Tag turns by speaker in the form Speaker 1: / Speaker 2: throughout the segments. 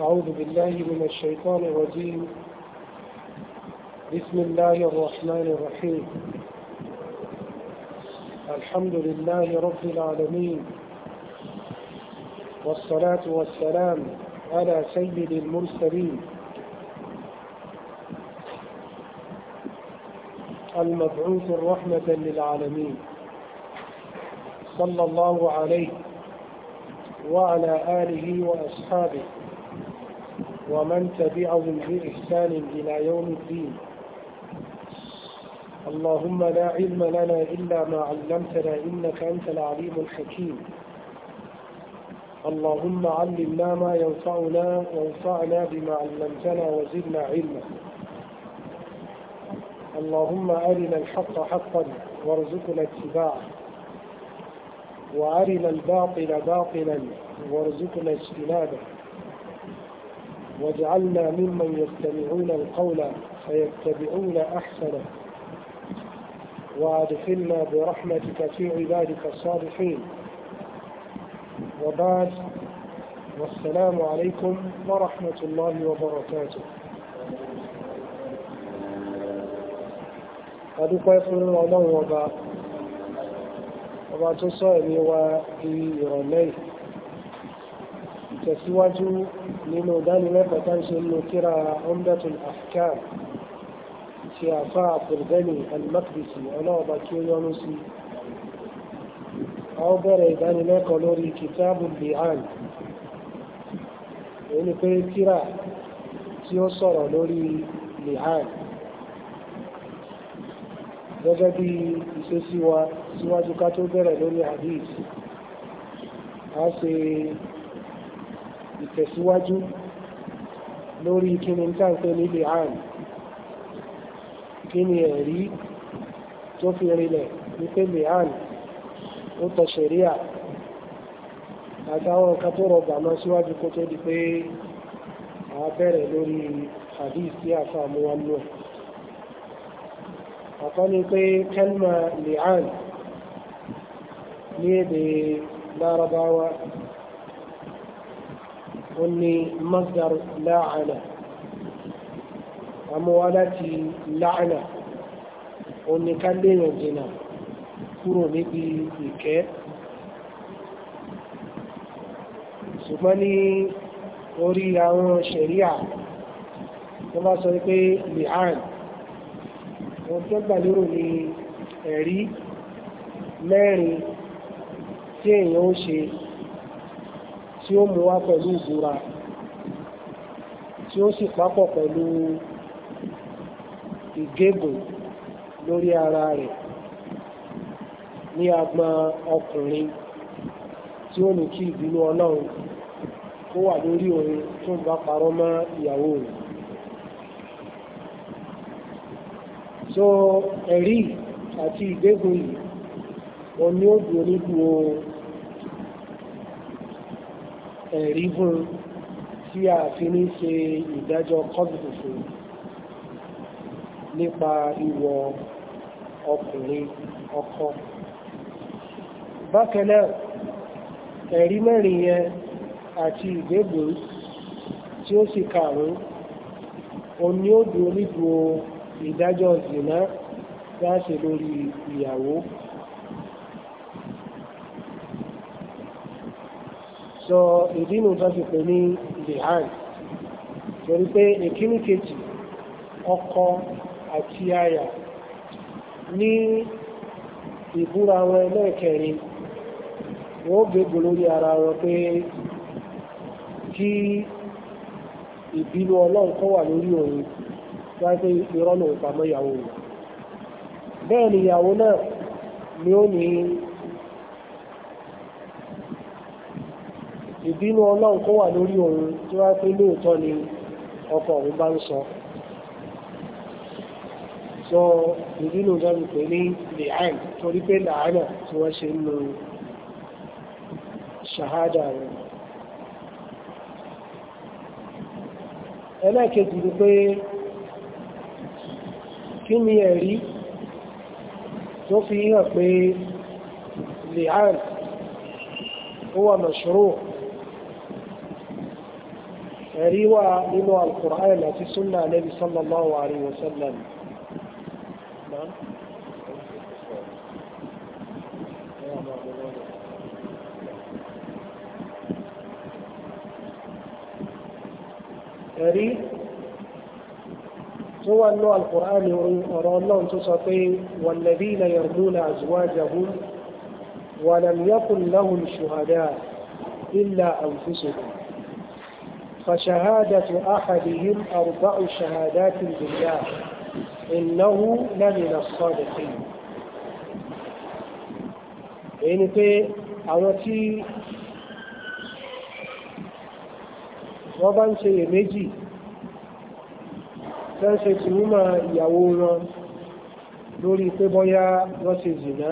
Speaker 1: أعوذ بالله من الشيطان الرجيم بسم الله الرحمن الرحيم الحمد لله رب العالمين والصلاة والسلام على سيد المرسلين المبعوث الرحمة للعالمين صلى الله عليه وعلى آله وأصحابه ومن تبعهم بإحسان إلى يوم الدين اللهم لا علم لنا إلا ما علمتنا إنك أنت العليم الحكيم اللهم علمنا ما ينفعنا وانفعنا بما علمتنا وزدنا علما اللهم أرنا الحق حقا وارزقنا اتباعه وأرنا الباطل باطلا وارزقنا اجتنابه واجعلنا ممن يستمعون القول فيتبعون أحسنه وادخلنا برحمتك في عبادك الصالحين وبعد والسلام عليكم ورحمة الله وبركاته adúpẹ́ fún ọlọ́run ọba ọba tó sọ ẹ̀mí wa di ìrọ̀lẹ́yìn tẹ̀síwájú nínú ìdánilẹ́kọ̀ọ́ tá ń ṣe nínú kíra umdatul ahkam ti àfá àbùrgani al-makdisi ọlọ́ọ̀bá kí ó yọ́nú sí a ó bẹ̀rẹ̀ ìdánilẹ́kọ̀ọ́ lórí kitabu li'an èyí ni pé kíra tí ó sọ̀rọ̀ lórí li'an gẹ́gẹ́ bí ìṣesí wa síwájú ká tó bẹ̀rẹ̀ lórí hadith a ṣe ìtẹ̀síwájú lórí kí ni táǹkẹ́ níbi àrùn kí ni ẹ̀rí tó fi rinlẹ̀ wípé lihan ó tọ ṣẹ̀ríà àtàwọn nǹkan tó rọgbà lọ síwájú kó tó di pé a bẹ̀rẹ̀ lórí hadith tí a mú wọn lọ ọ̀kan ni pé kẹ́lmà lihan ní èdè lárabáwá أني مصدر لعنة أموالتي لعنة أني كان لي يجينا kúrò níbi ìkẹ́ ṣùgbọ́n ní orí àwọn ṣẹ̀ríà wọ́n bá sọ pé li'an wọ́n tó gbà lérò ní ẹ̀rí mẹ́rin tí èèyàn ó ṣe tí ó mú wá pẹ̀lú ìbúra tí ó sì pápọ̀ pẹ̀lú ìgégùn lórí ara rẹ̀ ní agbọn ọkùnrin tí ó ní kí ìbínú ọlọ́run kó wà lórí òun tó ń bá parọ́ mọ́ ìyàwó rẹ̀. so ẹ̀rí àti ìgbégun yìí wọn ni ó dùn onídùú ẹ̀rí fún tí a fi ní ṣe ìdájọ́ kọ́bùtù fún nípa ìwọ ọkùnrin ọkọ bákanáà ẹ̀rí mẹ́rin yẹn àti ìgbégbò tí ó sì kàrún òní ó dúró nídùú ìdájọ́ zìnà láṣẹ lórí ìyàwó sọ ìdínú tó fi pè ní lihan torí pé ìkíní kejì ọkọ àti aya ní ìbúra wọn ẹlẹ́ẹ̀kẹrin wọ́n gbégbó lórí ara wọn pé kí ibi ọlọ́run kọ́ wà lórí òun wáyé irọ́ lòun ìyàwó ìbínú ọlọ́run kó wà lórí òun tí wá pé lóòótọ́ ni ọkọ òun bá ń sọ sọ ìbínú ìjọba pé ní lèhàn torí pé làánà tí wọ́n ṣe ń lo ṣàhádà rẹ̀ ẹlẹ́ẹ̀kejì ni pé kí fi hàn pé ó wà روى منه القرآن في سنة النبي صلى الله عليه وسلم
Speaker 2: نعم. أري
Speaker 1: هو النوع القرآن يرى الله تسطين والذين يرمون أزواجهم ولم يكن لهم شهداء إلا أنفسهم فشهادة أحدهم أربع شهادات بالله إنه لمن الصادقين إن pé àwọn tí wọ́n bá ń ṣe èméjì tẹ́ ń ṣe tí wọ́n máa ìyàwó wọn lórí pé bọ́yá wọ́n ṣe zìnà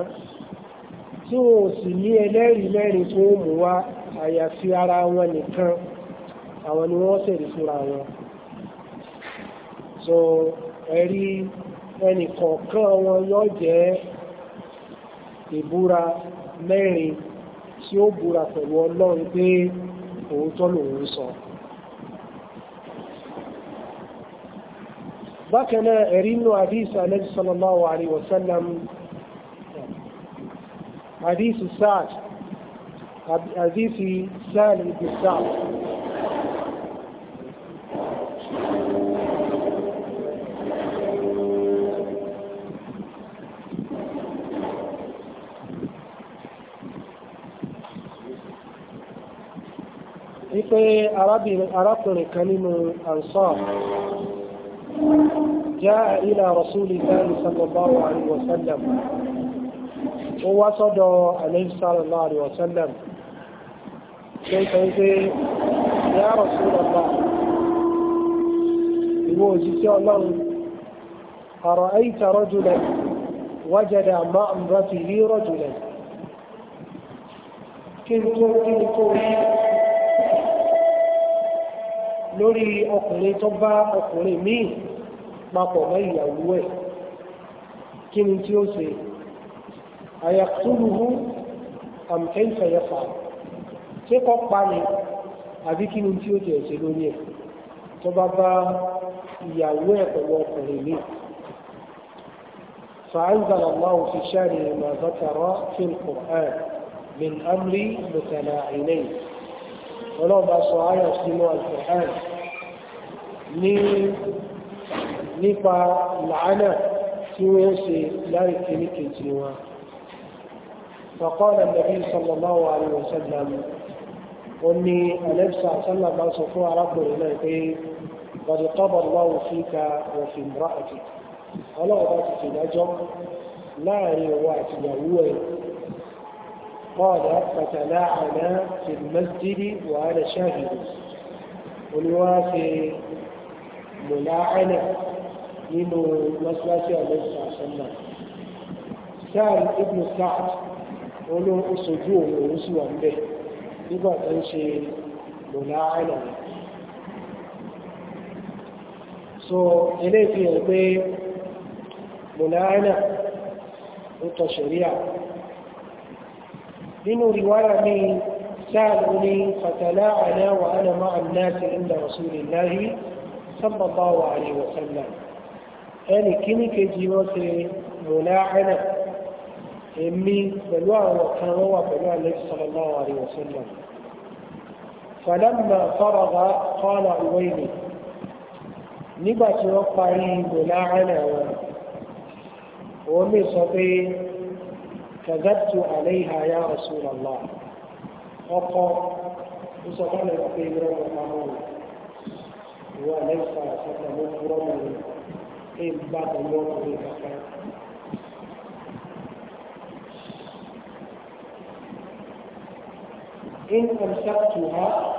Speaker 1: tí wọ́n sì ní ẹlẹ́rìí mẹ́rin tó mú wá àyàfi ara wọn nìkan àwọn ni wọ́n ṣèlú fúnra wọn so ẹ̀rí ẹnì kọ̀ọ̀kan wọn yóò jẹ́ ìbúra mẹ́rin tí ó búra pẹ̀lú ọlọ́run pé òótọ́ lòun sọ bákan ẹ̀rí inú àdísà Ànábì sallallahu alaihi wasallam àdísì sáàd àdísì sáàd ibn sáàd pé arákùnrin kan nínú ansar جاء إلى رسول الله صلى الله عليه وسلم ووصد عليه صلى الله عليه وسلم كيف يقول يا رسول الله يقول الله أرأيت رجلا وجد مع امرته رجلا كنت كنت lórí ọkùnrin tó bá ọkùnrin míì papọ̀ mọ́ ìyàwó ẹ̀ kí ni tí ó ṣe àyàkúrúhú àmìkẹ́ǹfẹ̀yẹfà tí kọ́ pa ni àbí kí ni tí ó jẹ́ ṣe lórí ẹ̀ tó bá bá ìyàwó ẹ̀ pẹ̀lú ọkùnrin míì فأنزل الله في شأنه ما ذكر في القرآن من أمر متلاعنين ọlọ́ọ̀bá sọ ayọ̀ sínú alfihàn ní nípa làánà tí wọ́n ṣe láì kìíní kejì wọn فقال النبي صلى الله عليه وسلم أني ألبسى صلى الله عليه وسلم رب إليه قد قضى الله فيك وفي امرأتك ألا أباتك الأجر لا يواتي يوه قال فتلاعنا في المسجد وأنا شاهد ونوافي ملاعنة من مسلسة النبي صلى سال ابن سعد ولو أسجوه ورسوا به يبقى تنشي ملاعنة so eléyìí fi hàn pé mùláánà ó tọ ṣẹ̀ríà منه رواية من سألني فتلاعنا وأنا مع الناس عند رسول الله صلى الله عليه وسلم يعني كني كجيوس ملاعنة إمي بلوى وكان هو بلوى النبي صلى الله عليه وسلم فلما فرغ قال عويلي نبات وقعي ملاعنة ومي صبي كذبت عليها يا رسول الله أقع وصفنا في رب العالمين وليس سلم رب بعد يوم من الأيام
Speaker 2: إن أمسكتها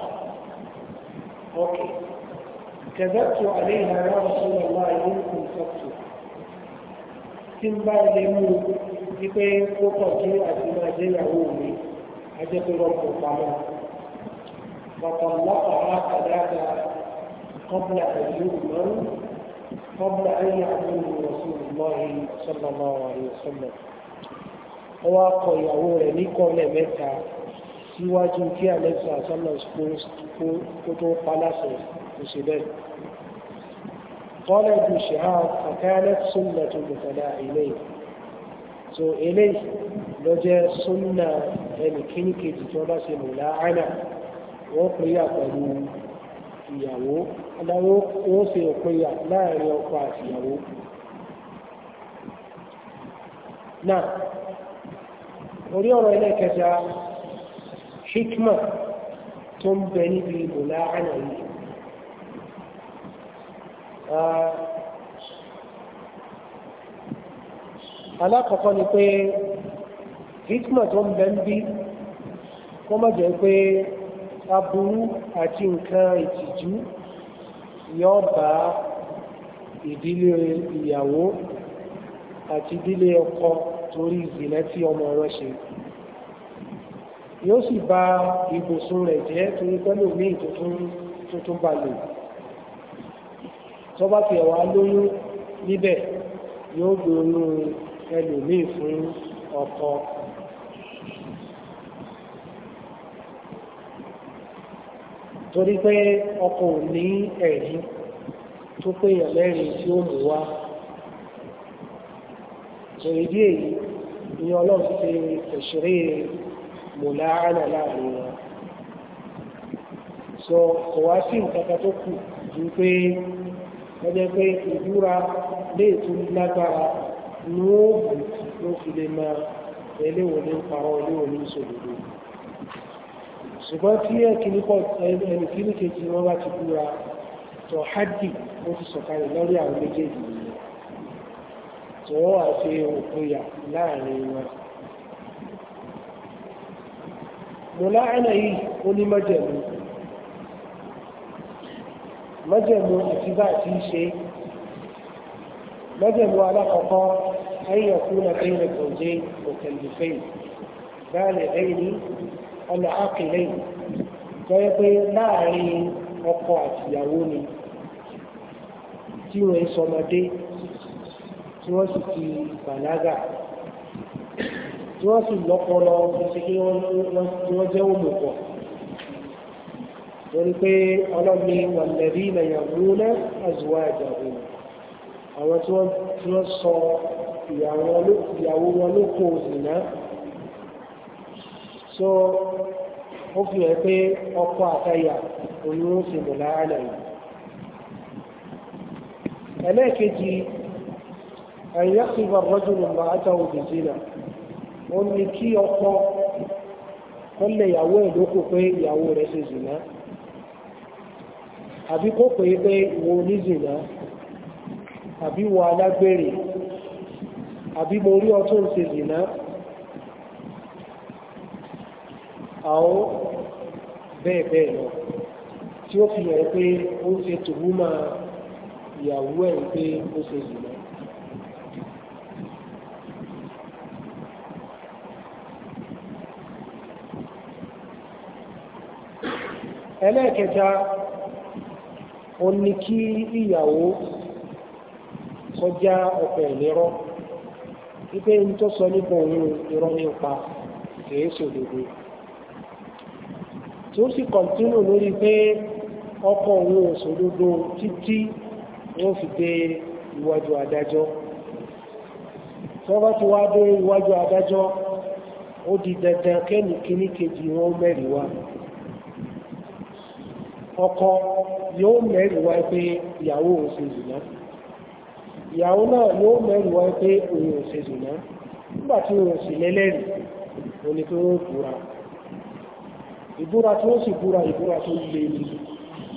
Speaker 2: أوكي كذبت عليها يا رسول الله إن أمسكتها
Speaker 1: tí ń bá ilé mú ní pé ó kàn kí àti máa jẹ́ ìyàwó mi ajẹ́pẹ̀rọ kò pamọ́. Bàbá lọ́pàá máa kàdáàdà
Speaker 2: kọ́bùlà pẹ̀lú
Speaker 1: ìmọ̀rú kọ́bùlà ayé àwọn ìrọ̀sùn ìmọ̀rin sọ́lọ́mọ́ àrùn sọ́lọ́. Ó wá kọ ìyàwó rẹ̀ ní kọ́lẹ̀ mẹ́ta síwájú kí àlẹ́sà sọ́lọ́ kó tó paláṣẹ òṣèlú. قال ابن شهاب فكانت سنة متلاعبين so eléyìí ló jẹ́ súnà ẹnì kíní kejì tí wọ́n bá ṣe mú láàánà wọ́n péyà pẹ̀lú ìyàwó aláwọ̀ wọ́n ṣe òpéyà láàrin ọkọ àti ìyàwó. náà orí ọ̀rọ̀ ẹlẹ́kẹta hikma tó ń bẹ níbi mú láàánà yìí Eh, alákọ̀ọ́kọ́ ni pé hikma tó ń bẹ ń bí kó má jẹ́ pé aburú àti nǹkan ìtìjú yóò bá ìdílé ìyàwó àti ìdílé ọkọ torí ìzìnà tí ọmọ wọn ṣe yóò sì bà ibùsùn rẹ̀ jẹ́ torí pẹ́lú míì tuntun bá lò tó bá tiẹ̀ wá lóyún níbẹ̀ yóò gbé oyún ẹlòmíì fún ọkọ torí pé ọkọ ò ní ẹ̀rí tó pé èèyàn tí ó mú wá èrèdí èyí ni ọlọ́run ti ẹ̀ṣẹ̀rí mùláàánà láàrin wọn sọ kò wá sí nǹkan kan tó kù ju pé wọ́n jẹ́ pé ìbúra lè tún lágbára ní oògùn ló fi lè máa eléwò ní parọ́ eléwò ní ìṣòdodo ṣùgbọ́n tí ẹni kìíní kejì wọ́n bá ti búra tó hádì ó ti sọ̀kalẹ̀ lórí àwọn méjèèjì tó wọ́n wà ṣe láàrin wọn mo láàrin yìí ó ní májẹ̀mú mọ́jẹ̀mú ìtìbá ti ń ṣe mọ́jẹ̀mú alákọ̀ọ́kọ́ ayẹ̀kúnà bẹ́yìn ẹ̀kọ̀ọ́jẹ́ òkèlùfẹ́ báàlẹ̀ bẹ́yìn ọ̀nà ákìlẹ̀ jẹ́ pé láàrin ọkọ àtìyàwó ni tí wọ́n sọmọdé tí wọ́n sì ti bàlágà tí wọ́n sì lọ́pọlọ tí wọ́n jẹ́ òmùpọ̀ torí pé ọlọ́mí wàlẹ́rí na yàmúnà àzùwà ìjàdùn àwọn tí wọ́n sọ ìyàwó wọn ló kó ìná so ó fi hàn pé ọkọ àtayà oyún sì mọ̀ láàrín yìí ẹlẹ́ẹ̀kejì àyàkùnbà rọ́jùlù máa àtàwọn òbìjìnà ó ní kí ọkọ kọ́lẹ̀ ìyàwó ẹ̀ lókò pé ìyàwó rẹ̀ ṣe zìnà àbí kó pè é pé ìwọ onízìnà àbí wọ alágbèrè àbí mo rí ọtún ṣe zìnà àwọn bẹ́ẹ̀ bẹ́ẹ̀ lọ tí ó fi hàn pé ó ṣe tòwúmọ́ ìyàwó ẹ̀ pé ó ṣe zìnà. ẹlẹ́ẹ̀kẹta ó ní kí ìyàwó kọjá ọ̀pọ̀ ìlérọ́ wípé ń tó sọ nípa òun irọ́ nípa kìí ṣòdodo tí ó sì kọ̀tínù lórí pé ọkọ òun òṣòdodo títí wọ́n fi dé iwájú adájọ́ tí wọ́n bá ti wá dé iwájú adájọ́ ó di dandan kẹ́nìkíní kejì wọn mẹ́rin wá. ọkọ yóò mẹ́rin wáyé pé ìyàwó òun ṣe zìnà ìyàwó náà yóò mẹ́rin wáyé pé òun ò ṣe zìnà nígbà tí òun sì lẹ́lẹ́rìí ó ní pé ó búra ìbúra tí ó sì ìbúra tó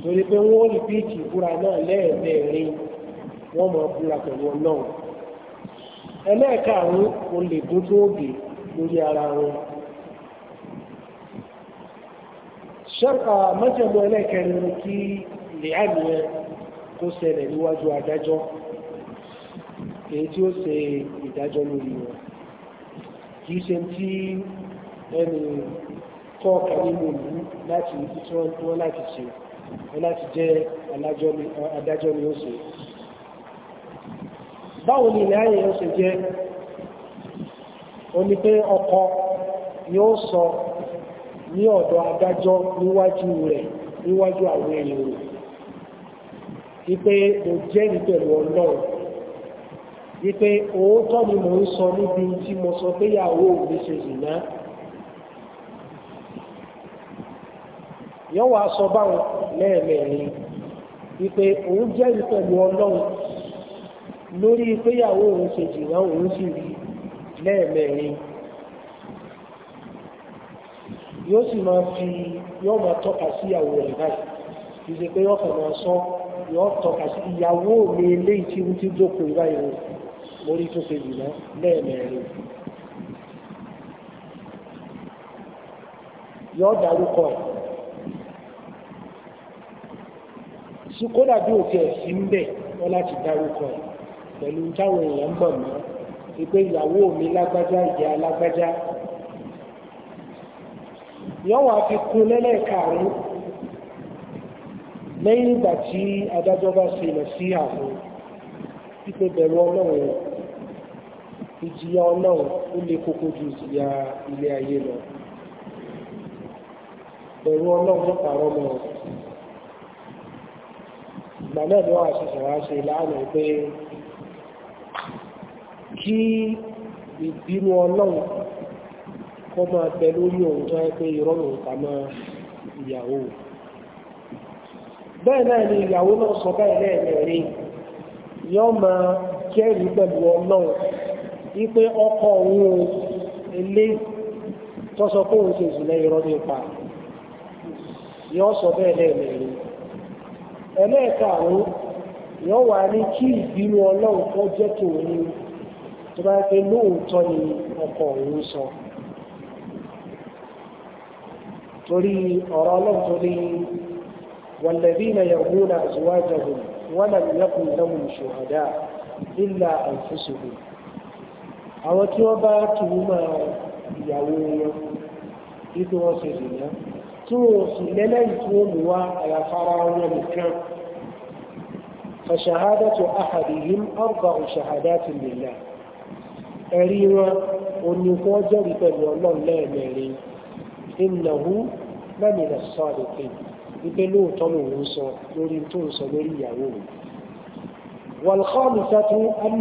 Speaker 1: torí pé wọ́n rí bíìkì ìbúra náà lẹ́ẹ̀mẹ́rin wọ́n mọ̀ pẹ̀lú ara wọn mọ́jọ̀bọ̀ ẹlẹ́kẹrin kí lèáàmì ẹ kó ṣẹlẹ̀ níwájú adájọ́ èyí tí ó ṣe ìdájọ́ lórí wọn kì í ṣe tí ẹni kọ́ọ̀kà nínú ìlú láti tí wọ́n láti ṣe láti jẹ́ adájọ́ ni ó ṣe báwo ni ilẹ̀ ayẹyẹ ṣe jẹ́ ó ní ni ó sọ ní ọ̀dọ̀ adájọ́ níwájú rẹ̀ níwájú àwọn èèyàn rẹ̀ wípé mo jẹ́rìí pẹ̀lú ọlọ́run wípé òótọ́ ni mo ń sọ níbi tí mo sọ pé ìyàwó mi ṣe zìnà yóò wá sọ báwọn lẹ́ẹ̀mẹ́rin wípé òun jẹ́rìí pẹ̀lú ọlọ́run lórí pé ìyàwó òun ṣe zìnà òun sì rí lẹ́ẹ̀mẹ́rin yóò sì máa fi yóò máa tọ́ka sí ìyàwó rẹ̀ báyìí kì í ṣe pé yóò kàn máa sọ yóò tọ́ka sí ìyàwó mi eléyìí tí wọ́n ti jókòó báyìí o lórí tó ṣe jù lẹ́ẹ̀mẹ́rin. yóò dárúkọ ẹ̀ sí kódà bí òkè ẹ̀sìn ń bẹ̀ wọ́n láti dárúkọ ẹ̀ pẹ̀lú táwọn èèyàn ń bọ̀ mọ́ ìpé ìyàwó mi lágbájá ìyá lágbájá yóò wá fi kún lẹ́lẹ́kàrún lẹ́yìn ìgbà tí adájọ́ bá ṣe lọ sí àwọn pípẹ́ bẹ̀rù ọlọ́run ìjìyà ọlọ́run ó lè kókó ju ìjìyà ilé ayé lọ bẹ̀rù ọlọ́run ló pàrọ̀ mọ́ ìgbà náà ni wọ́n á pé kí ìbínú ọlọ́run kọ́ máa bẹ lórí òun tó yẹ pé ìyàwó bẹ́ẹ̀ náà ni ìyàwó náà sọ bẹ́ẹ̀ mẹ́rin yọ́ máa jẹ́rìí pẹ̀lú ọlọ́run wípé ọkọ̀ òun ilé tó sọ pé òun ṣe bẹ́ẹ̀ yọ́ wà ní kí ìbínú ọlọ́run jẹ́ tòun ní tó bá yẹ pé lóòótọ́ ọkọ òun sọ. torí ọ̀rọ̀ ọlọ́run torí wàlẹ́bínà yẹ̀wúnà àzúwájọ́hùn wọ́n lè yẹ́kùn lẹ́wùn ṣòhàdá ìlà àìfúsùhù àwọn tí wọ́n bá tùwúmọ̀ ìyàwó wọn ibi wọn sì lẹ́lẹ́yìn tí wọ́n mú wá فشهادة أحدهم أربع شهادات لله أريوا أن يكون جريبا لا يميرين innahu lamina sadiqin wípé lóòótọ́ lòun sọ lórí tó ń sọ lórí ìyàwó rẹ̀. والخامسة أن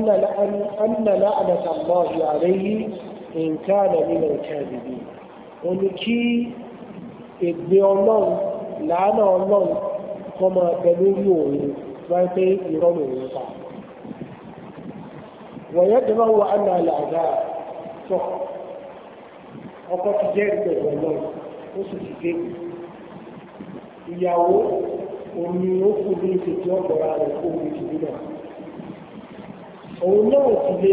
Speaker 1: لعنة الله عليه إن كان من الكاذبين ó ní kí ègbé ọlọ́run làánà ọlọ́run kọ́ máa bẹ lórí òun wáyé pé irọ́ lòun ta wọ̀nyẹ́ tó bá wọ àná àlàáfíà ọkọ ti jẹ́ ìgbẹ̀ pẹ̀lú ó sì ti dé ìyàwó òní ó kú ní ìṣètò ọ̀gbọ̀ra rẹ̀ kó omi ti dúnà òun náà ti lè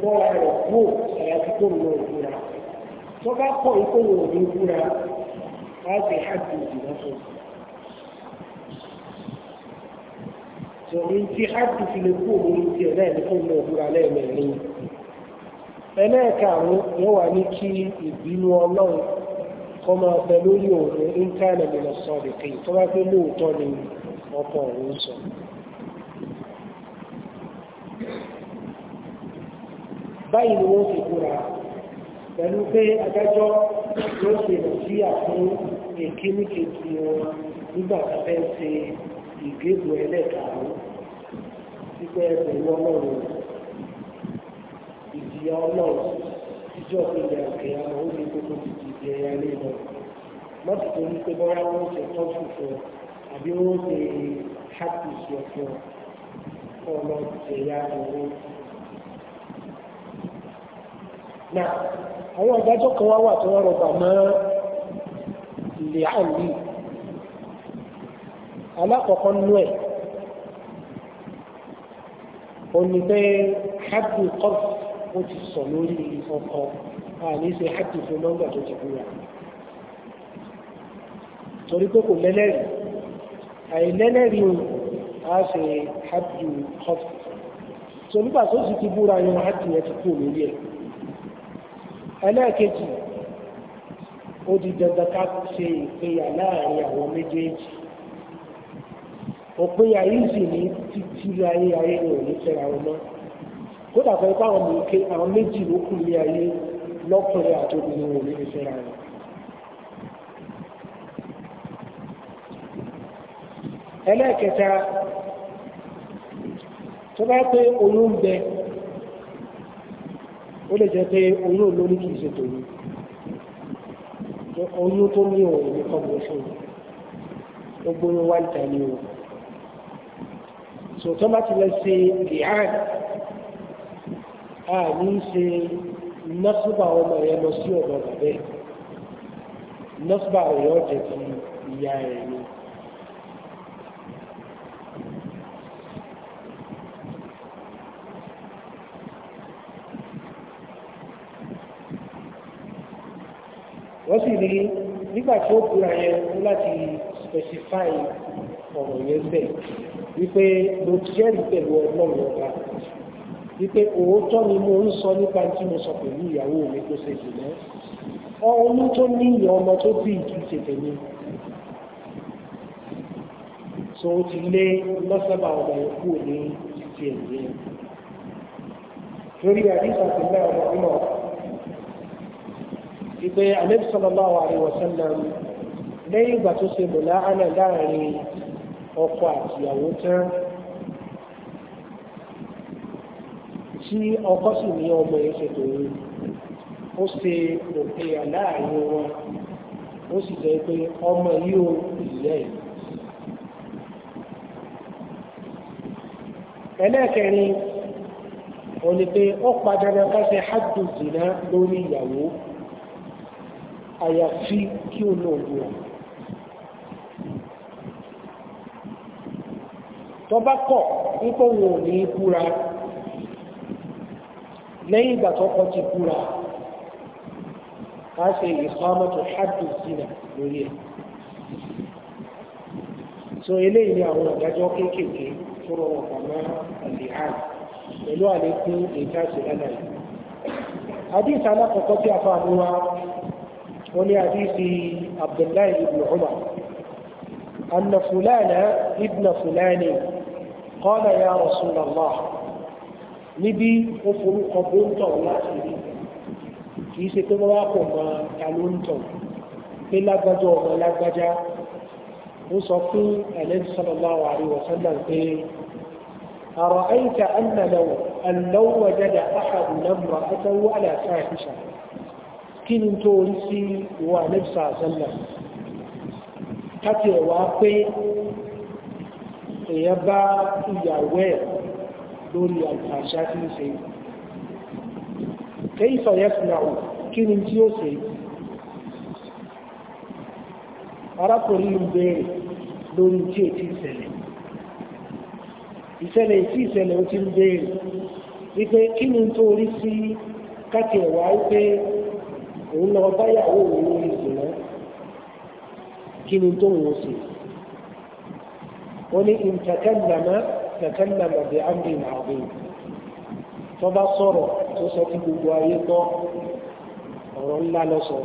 Speaker 1: bọ́ra rẹ̀ kú àyàfi kó lọ ìbúra tó bá kọ̀ ikú wò ní ìbúra á sì hàbí ìdìbò fún un. tòun ti hàbí fi òun ti ẹ̀ náà ní kó lọ ìbúra lẹ́ẹ̀mẹ́rin. ẹlẹ́ẹ̀karùn-ún yóò wà ní kí ìbínú ọlọ́run kọ́ máa bẹ lórí òun ń kánà mi sọ tó bá pé lóòótọ́ ni ọkọ òun sọ. báyìí ni wọ́n fi kúra pẹ̀lú pé adájọ́ yóò ṣe lọ sí àfún wọn nígbà ìyá ọlọ́run ìjọ ìgbà òkè àmọ́ ó ní gbogbo títí ìdí ẹ̀yà ilé lọ. lọ́sì tó ní pé bọ́lá wọn ṣe tọ́jú fún ọ àbí ó ṣe ṣáàpì ṣe fún ọ kọ́ ọ lọ àwọn ìdájọ́ kan wá wà tó wọ́n rọgbà mọ́ ilé àlè alákọ̀ọ́kọ́ nú ẹ̀ òní ṣáàpì kọ́ọ̀sì. ó ti sọ lórí ọkọ àní ṣe hajj fún nọ́mbà tó ti búra torí pé kò lẹ́lẹ́rìí àìlẹ́lẹ́rìí o a ṣe hajj kọfù tó nígbà tó sì ti búra yan hajj yẹn ti kú lórí ẹ̀ ẹlẹ́ẹ̀kejì ó di dandan ká ṣe ìpínyà láàrin àwọn méjèèjì òpínyà yìí sì ní títí ayé ayé kódà fẹ́ pé àwọn mèké àwọn méjì ló kù ní ayé lọ́kùnrin àti obìnrin wò ní ìfẹ́ ra wọn. ẹlẹ́ẹ̀kẹta tó bá pé oyún ń bẹ ó lè jẹ́ pé oyún olórí kìí ṣe tòun oyún tó ní òun ní kọ́bùrú fún un gbogbo oyún wá ní òun sòtọ́ bá ti lọ sí ìhàn a ní í ṣe nọ́sùbà ọmọ yẹn lọ sí ọ̀dọ̀ bàbẹ́ nọ́sùbà ọ̀yọ́ jẹ́ ti ìyá rẹ̀ ni. wọ́n sì rí nígbà tí ó kúra yẹn láti specify ọ̀rọ̀ yẹn bẹ́ẹ̀ wípé mo jẹ́rìí pẹ̀lú ọlọ́run ọba wípé òótọ́ ni mo ń sọ nípa tí mo sọ pẹ̀lú ìyàwó mi tó ṣe jù lọ ọ̀hún tó ní ìyá ọmọ tó bí ìkí tètè ni so ó ti lé lọ́sàbà ọ̀dà ikú ní títí ẹ̀yẹ lórí àdìsá ti lẹ́ ọmọ náà ìpè Ànábì sallallahu alaihi wasallam lẹ́yìn ìgbà tó ṣe mọ̀lá ánà láàrin ọkọ àtìyàwó tán tí ọkọ sì ní ọmọ yẹn ṣètò yìí ó ṣe òkèèyà láàrin wọn ó sì jẹ́ pé ọmọ yìí ó ìyá yìí. ẹlẹ́ẹ̀kẹrin ó ní pé ó padà náà ká ṣe lórí ìyàwó àyàfi kí ó lò wù ọ́. tọ́ba kọ̀ nípa ò ní í búra lẹ́yìn ìgbà tó kọ́ ti búra a ṣe ìkọ́mọ́tò haddu zina lórí ẹ̀ so eléyìí ni àwọn ìdájọ́ kéékèèké tó rọrùn pàmò àlè àrùn pẹ̀lú àlékún ètò àti ẹ̀dà yìí حديث على قطة أفعالها ولحديث عبد الله بن عمر أن فلان ابن فلان قال يا رسول الله níbi ó forúkọ bó ń tọ̀ láti rí kì í ṣe pé wọ́n wá pọ̀ mọ́ ta ló ń tọ̀ pé lágbájá ọmọ lágbájá ó sọ fún ẹ̀lẹ́dì أرأيت أن لو أن لو وجد أحد امرأته على فاحشة kí ni tó rí sí ìwà nípsà àṣẹ́lẹ̀ káti pé èyàn bá ẹ̀ lórí àṣà tí ń ṣe كيف يصنع kíni tí ó ṣe arákùnrin ń bèèrè lórí tí è ti ṣẹlẹ̀ ìṣẹ̀lẹ̀ tí ìṣẹ̀lẹ̀ ó ti ń bèèrè wípé kíni tó rí sí káàkiri ẹ̀wà wípé òun lọ báyàwó òun lórí ìṣẹ̀lẹ̀ kíni tó wọ́n ṣe ó ní ìtàkẹ́ ìgbàmọ́ تكلم بأمر عظيم فما صار تصدق بوايطة ورلا لصر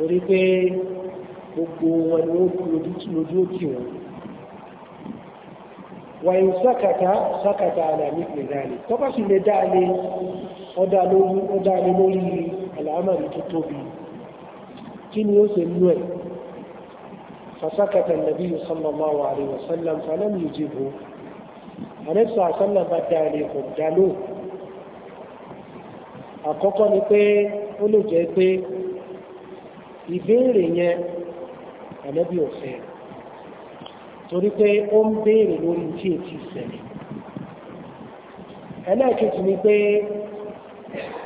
Speaker 1: torí pé gbogbo wọn ni ó kú lójú òkè wọn wàyí sákàtà sákàtà àlàmì ìpínlẹ̀ tó bá sì lè dáalé ọdá lórí àlàámà ní tó tóbi kí ni ó ṣe nú ẹ̀ فسكت النبي صلى الله عليه وسلم فلم يجبه النبي صلى الله عليه وسلم بدأ قالوا àkọ́kọ́ ni pé ó lè jẹ́ pé ìbéèrè yẹn ànábì ọ̀fẹ́ torí pé ó ń béèrè lórí tí è ti ṣẹlẹ̀ ẹlẹ́ẹ̀kejì ni pé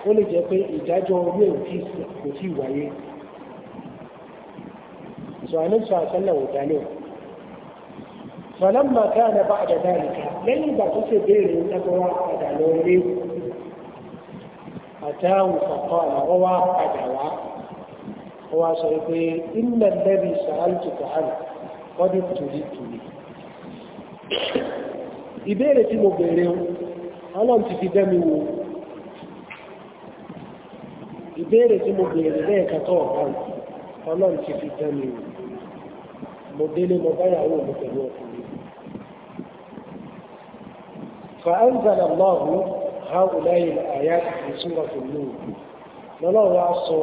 Speaker 1: ó lè jẹ́ pé ìdájọ́ orí ẹ̀ kò tí wáyé سؤال سؤال سنة وتعليم فلما كان بعد ذلك لن بقص بين الأبواب أدعوني أتاه فقال هو أدعوا هو سيقول إن الذي سألتك عنه قد ابتليت لي ìbéèrè tí mo béèrè ọlọ́run ti fi dẹ́ mi wò ìbéèrè tí mo béèrè lẹ́ẹ̀kẹ́tọ̀ ọ̀pọ̀ ọlọ́run ti fi dẹ́ mi wò mo délé mo báyàwó mi pẹ̀lú ọkùnrin. فأنزل الله هؤلاء الآيات في سورة النور lọ́lọ́run wá sọ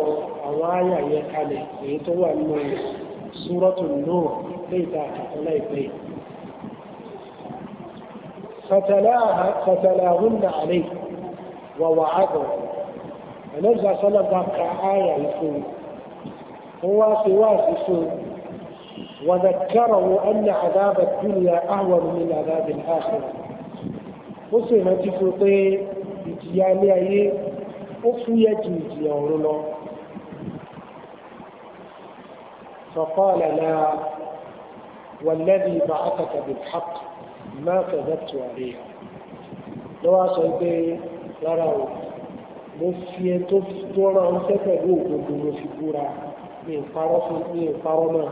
Speaker 1: àwọn àyà yẹn kalẹ̀ èyí tó wà nínú súrọ́tù náà lè ta àkàkọ́ láìpẹ́ fàtàláhùn nà àlè wà wà ágọ̀ ẹ̀lẹ́gbà sọ́lọ́gbà ka àyà ìfún wọ́n wá sí wá sí fún وذكره أن عذاب الدنيا أهون من عذاب الآخرة وسيما تفوطي بجياني أي أفوية جيجيون فقال لا والذي بعثك بالحق ما كذبت عليه لو أصيبي يروا مفيه تفتونا أنت تقول من طرف من طرف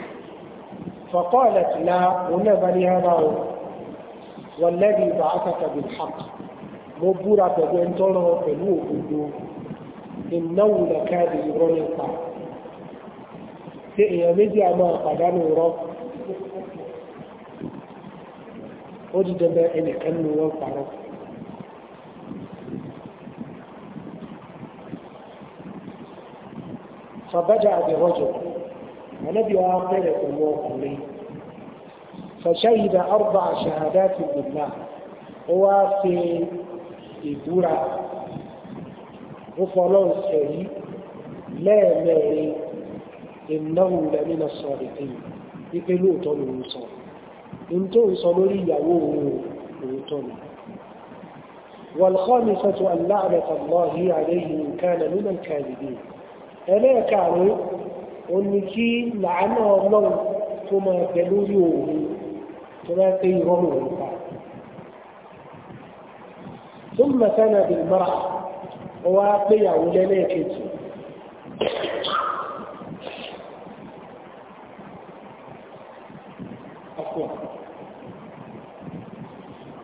Speaker 1: فقالت لا ونبني هذا والذي بعثك بالحق مبورا بين تونه بلو بلو إنه لكاذب رنقا تئي مدي أما قدام رب وجد ما إن كان وقع رب فبدأ برجل ànábì wa bẹ̀rẹ̀ pẹ̀lú ọkùnrin fàṣẹ́yìdà arba ṣàhádá ti gbìlá ó wá ṣe ìbúra ó fọlọ́ ṣẹ̀yí lẹ́ẹ̀mẹ́rin ìnáwó lẹ́mínà sọ̀rọ̀ ìdíyìn wípé lóòótọ́ ló ń sọ in tó ń sọ lórí ìyàwó òun òótọ́ ni والخامسة أن لعنة الله عليه إن كان من الكاذبين ألا كانوا ó ní kí làánà ọlọ́run tó máa bẹ lórí òun tó máa pé irọ́ mọ̀ nípa. tó mọ̀ sánà bí wọ́n péyàwó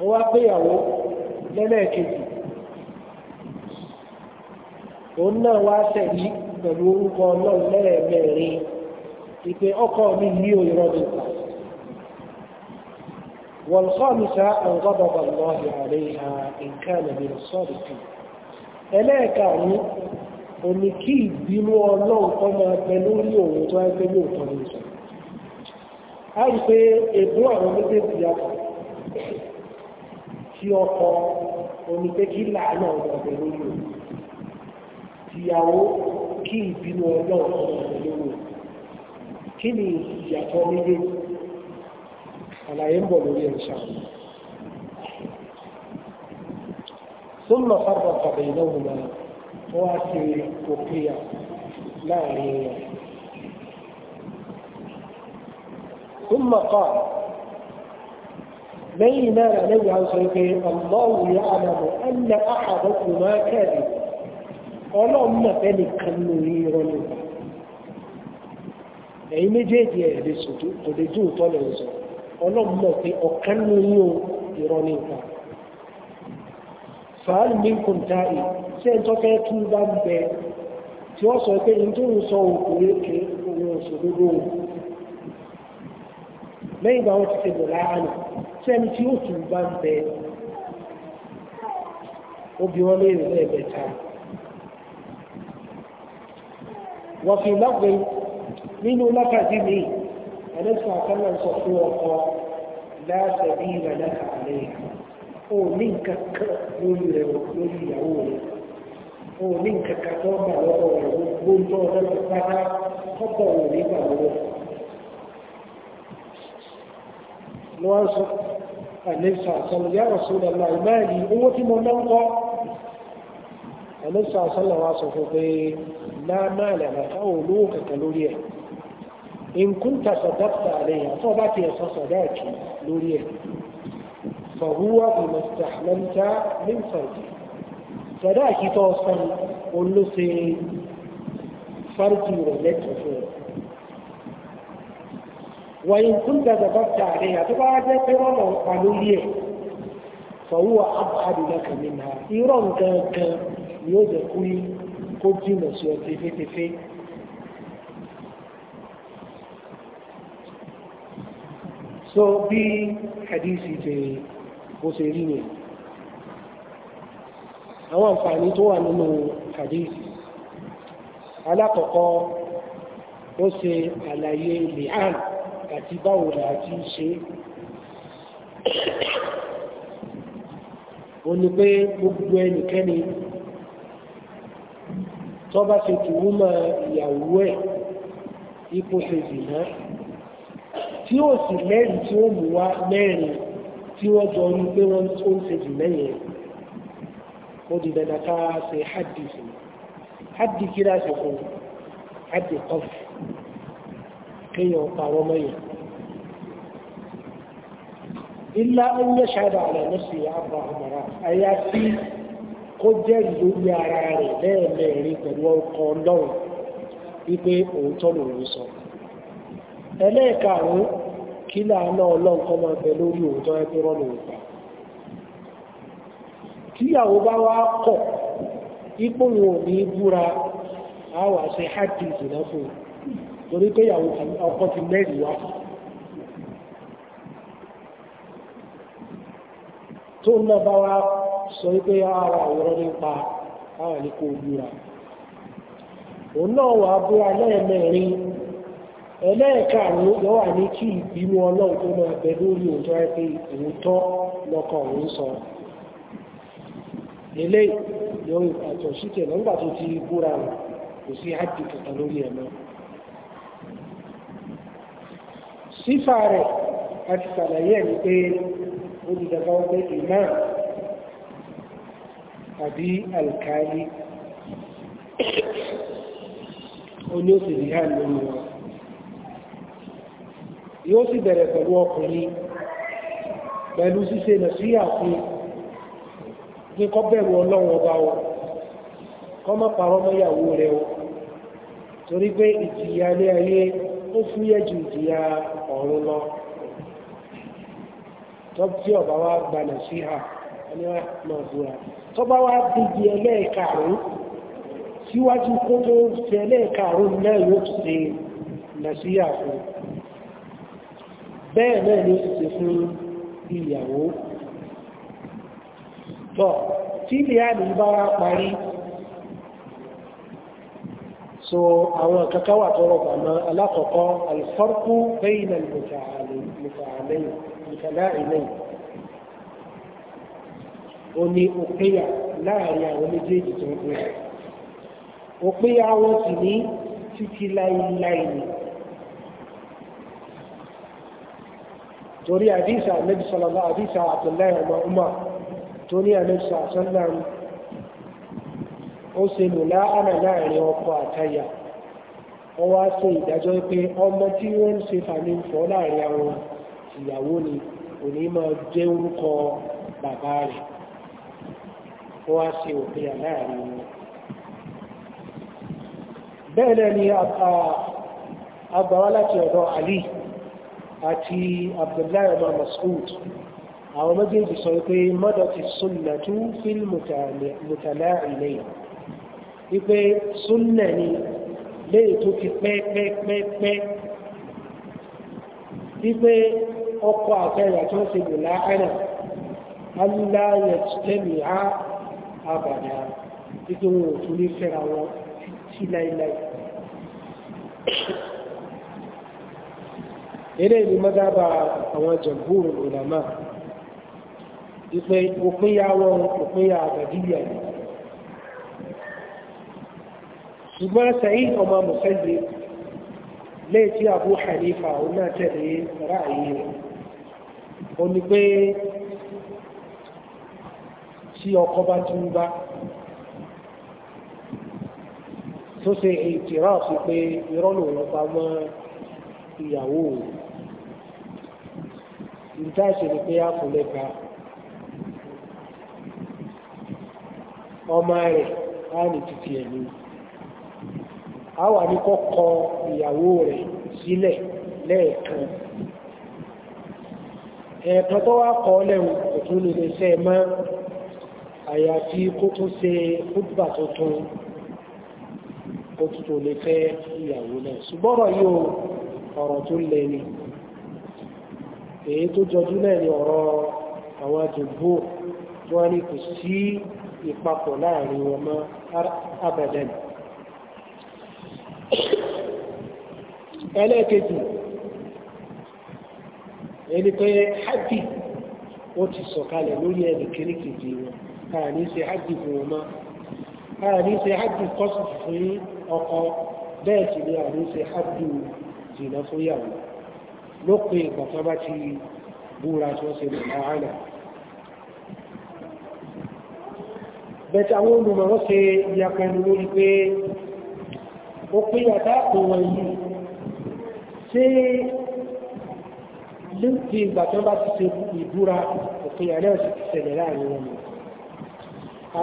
Speaker 1: wọ́n péyàwó òun náà wá tẹ̀lé pẹ̀lú orúkọ ọlọ́run lẹ́ẹ̀mẹ́rin ìpè ọkọ mi ní òyìnbó mi kà والخامسة أن غضب الله عليها إن كان من الصادقين ẹlẹ́ẹ̀kàrún òní kí ìbínú ọlọ́run kọ́ máa lórí òun tó ẹgbẹ́ ní òtọ́ ní a rí pé èbú àwọn méjèèjì yàtọ̀ pé kí lórí òun ìyàwó kí ìbínú kí ni ìyàtọ̀ nílé àlàyé ń bọ̀ lórí ẹ̀ṣà ثم فرق بينهما واتي وقيا لا علينا ثم قال لينا لنوها سيكي الله يعلم أن أحدكما كاذب ọlọ́run mọ̀ fẹ́ nìkan nù ní irọ́ ní ìgbà ẹ̀yin méjèèjì ẹ̀ lè sòtú kò lè dùn tọ́ lè sọ ọlọ́run mọ̀ pé ọ̀kan nù ní irọ́ ní ìgbà fàálù mi kò ń ta ì ṣé ń tọ́kẹ́ tú bá ń bẹ tí wọ́n sọ pé ní tó ń sọ òkú èké òun òṣòdodo lẹ́yìn ìgbà wọn ti ṣe bọ̀ láàánú sẹ́ni tí ó tù bá ń bẹ obì wọn léèrè lẹ́ẹ̀mẹ́ta. وفي لفظ منه لك ذمي فليس كما صفوه قال لا سبيل لك عليها او منك كرو يقول او منك كتوبة لو يقول تودا تتاها فقالوا لي فقالوا نواصل النبي صلى الله عليه وسلم يا رسول الله ما لي قوة من نوضع النبي صلى الله عليه وسلم لا مال لك أو لوك لوليه إن كنت صدقت عليها فبات صداك لوريا فهو بما استحملت من فرجه صداك توصل قل له سي فرجي ولك فيه وإن كنت صدقت عليها فبات قرار قالوليه فهو أبعد لك منها إيران كان يدخل kó jìnà sí ọ tefetefe. so bí hadisi ṣe bó ṣe rí nìyẹn àwọn àǹfààní tó wà nínú hadisi alákọ̀ọ́kọ́ ó ṣe àlàyé li'an àti báwo la ti ṣe ó ní pé gbogbo ẹnikẹ́ni tó bá ṣe tùwúmọ̀ ìyàwó ẹ̀ ipò ṣe zìnà tí ó sì lẹ́rìí tí ó mú wá mẹ́rin tí wọ́n jọ ní pé wọ́n tó ń ṣe zìnà yẹn ó di dandan ká ṣe hádì fún hádì kí láti ṣe fún hádì kọf kéèyàn pàrọ̀ mọ́yìn إلا أن يشهد على نفسه أربع مرات أيات kó jẹ́ lórí ara rẹ̀ lẹ́ẹ̀mẹ́rin pẹ̀lú ọkọ̀ ọlọ́run wípé òótọ́ lòun sọ ẹlẹ́ẹ̀karùn-ún kí láàánú ọlọ́run kọ́ lórí òótọ́ ẹgbẹ́ rọ́ lòun tíyàwó bá kọ̀ a hajj ìsìnà torí pé ọkọ ti tó ń náà bá wá sọ wípé ara àwòrán nípa àwọn àlekò òbúra òun náà wà á búra lẹ́ẹ̀mẹ́rin ẹlẹ́ẹ̀karùn-ún ló wà ní kí ìbínú ọlọ́run tó máa bẹ lórí òjò ẹgbẹ́ lọ́kọ̀ òun sọ ilé yóò síkẹ̀ lọ́gbà tó ti búra rẹ̀ kò sí lórí a ti ṣàlàyé ẹ̀ ní pé ó di dandan wọ́n pé imam àbí alkali ó ní ó sì rí hàn lórí wọn yóò sì bẹ̀rẹ̀ pẹ̀lú ọkùnrin pẹ̀lú ṣíṣe nàṣíyà fún pé kọ́ bẹ̀rù ọlọ́run ọba o kọ́ má parọ́ mọ́yàwó rẹ o torí pé ìjìyà ilé ayé ó fúyẹ́ ju ìjìyà ọ̀run lọ tọ́tí ọ̀bá wa gbalẹ̀ sí ha ẹni wá máa búra tó bá wá dìdì ẹlẹ́ẹ̀kàrún síwájú kó tó ṣe ẹlẹ́ẹ̀kàrún náà yóò ti ṣe nàṣíyà fún bẹ́ẹ̀ náà ni ó ti ṣe fún ìyàwó tọ́ tí ilé àmì bá wá parí so àwọn kankan tọrọ pàmọ́ alákọ̀ọ́kọ́ alfarku bẹ́yìn alìmọ̀tàlẹ́yìn ìṣẹ̀lẹ̀ ilé o ní òpéyà láàrin àwọn méjèèjì tó ń pè é òpéyà wọn sì ní títí láíláí torí àdísà àmẹ́bísọ̀lọ́lá àdísà àtúnláì ọmọ ọmọ torí àmẹ́bísọ̀ àtúnlá ó se lò láàánà láàrin ọkọ àtayà ó wá ṣe ìdájọ́ pé ọmọ tí wọ́n ń ṣe fàmí fọ́ láàrin àwọn ọmọ ìyàwó ni kò ní máa jẹ́ orúkọ bàbá rẹ̀ ó wá ṣe òpin àláàrin wọn. bẹ́ẹ̀ náà ni agbára láti ọ̀dọ̀ Ali àti Abdullahi ọmọ Mas'ud àwọn méjèèjì sọ pé mọ́dọ̀ ti súnnà tó fíl mùtàlá ilẹ̀ wípé súnnà ni léè tó ti pẹ́pẹ́pẹ́pẹ́ wípé ọkọ àtẹyà tó ṣe lò láàárọ̀ aláyẹ tẹ́lẹ̀ á àbàdà wípé wọn ò tún ní fẹ́ra wọn sí láíláí eré ìlú mọ́dábà àwọn jẹ̀búrù ìlànà ìpè òpínyà wọn òpínyà àgbàdìyà ṣùgbọ́n sẹ́yìn ọmọ mùsẹ́yìn léèkí Abu Hanifa òun náà tẹ̀lé ráàyè rẹ̀ ó ní pé tí ọkọ bá tún bá tó ṣe ìtìrá sí pé irọ́ lòun pa mọ́ ìyàwó ìdá ìṣẹ̀lẹ̀ pé a kò ka ọmọ rẹ̀ á ní a wà ní kọ́kọ́ ìyàwó rẹ̀ sílẹ̀ lẹ́ẹ̀kan ẹ̀ẹ̀kan tó wá kọ́ lẹ́hùn kò tún lè ṣe mọ́ àyàfi kó tún ṣe fúdùbà tuntun kó tún tó lè fẹ́ ìyàwó náà ṣùgbọ́rọ̀ yóò ọ̀rọ̀ tó lẹ ni èyí tó jọjú náà ọ̀rọ̀ àwọn àjògbò wọn ni kò sí ìpapọ̀ láàrin wọn mọ́ abẹ́dẹ́nì ẹlẹ́ẹ̀kejì ẹni pé hajji ó ti sọ̀kalẹ̀ lórí ẹni kéríkèjì wọn káà ní ṣe hajji fún wọn káà ní ṣe hajji kọ́sù ọkọ bẹ́ẹ̀ sì ni àwọn ṣe hajji jìnà fún yàwó lópin ìgbà bá ti búra tó ṣe lè láàánà bẹ̀tẹ̀ àwọn olùmọ̀ wọ́n ṣe ìyapẹnu lórí pé ó pín yìí ṣé lóògbé ìgbà tó bá ti ṣe ìbúra òfin àlẹ́ òsì ti ṣẹlẹ̀ láàrin wọn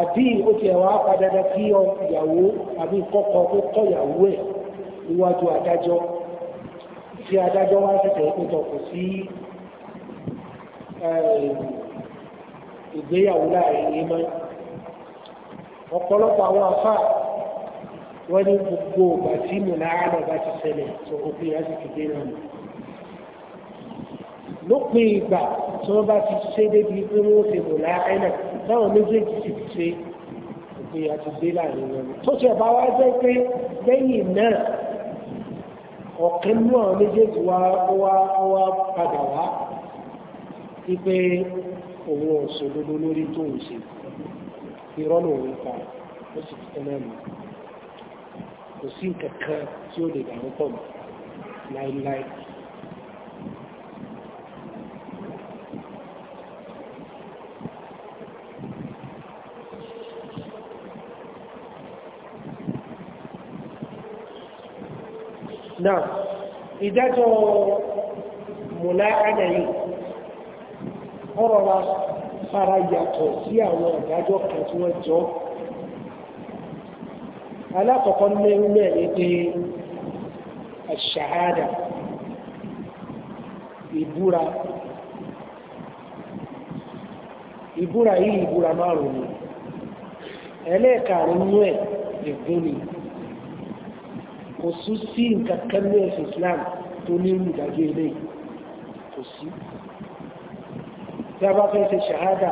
Speaker 1: àbí ó ti ẹ̀wà padàdà kí ìyàwó àbí kọ́kọ́ tó kọ́ ìyàwó ẹ̀ níwájú adájọ́ tí adájọ́ wá sí tẹ̀lẹ́pẹ̀tọ̀ kò sí ìgbéyàwó láàrin yìí mọ́ ọ̀pọ̀lọpọ̀ àwọn afáà wọ́n ní gbogbo ọgbà tí mo láàárọ̀ bá ti ṣẹlẹ̀ tó òpin láti fi dé náà lópin ìgbà tí wọ́n bá ti ṣe débi pé wọ́n ti mò láàárọ̀ táwọn méjèèjì ti fi ṣe òpin láti dé láàrin wọn tó ṣe bá wá jẹ́ pé lẹ́yìn náà ọ̀kan mú àwọn méjèèjì wá wá wá padà wá wípé òun ọ̀sọ̀ lódó lórí tó ṣe irọ́ lòun pa ó sì fi tẹ́lẹ̀ mọ́ kò sí nǹkankan tí ó lè dàrú pọ̀ mọ́ láíláí náà ìdájọ́ mùlá ádàyè ọ̀rọ̀ wa fara yàtọ̀ sí àwọn ìdájọ́ kan tí wọ́n jọ alákọ̀ọ́kọ́ nínú ẹ̀ ní pé ṣàhádà ìbúra ìbúra yìí ìbúra márùn ún ẹlẹ́ẹ̀kàrún nú ẹ̀ ẹ̀gbọ́n ni kò sú sí nǹkan kan ní ẹ̀sìn Islam tó ní ìdájọ́ ilé kò sí tí a bá fẹ́ ṣe ṣàhádà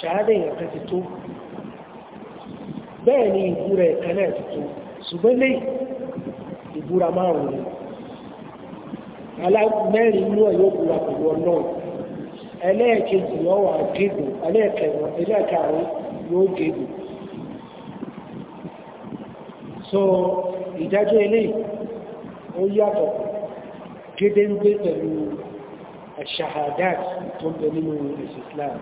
Speaker 1: ṣàhádà èèyàn kan ti tó bẹ́ẹ̀ ni ìbúra ẹ̀kan náà tuntun ṣùgbọ́n lè ìbúra márùn-ún alámẹ́rin inú ẹ̀ yóò búra pẹ̀lú ọ̀nà ẹlẹ́ẹ̀kejì yóò wà gégùn ẹlẹ́ẹ̀kẹwọ̀n ẹlẹ́ẹ̀kẹwọ̀n yóò gégùn so ìdájọ́ ilé ó yàtọ̀ gédé ń gbé pẹ̀lú àṣàhàdáàt tó ń bẹ nínú ìsìsláà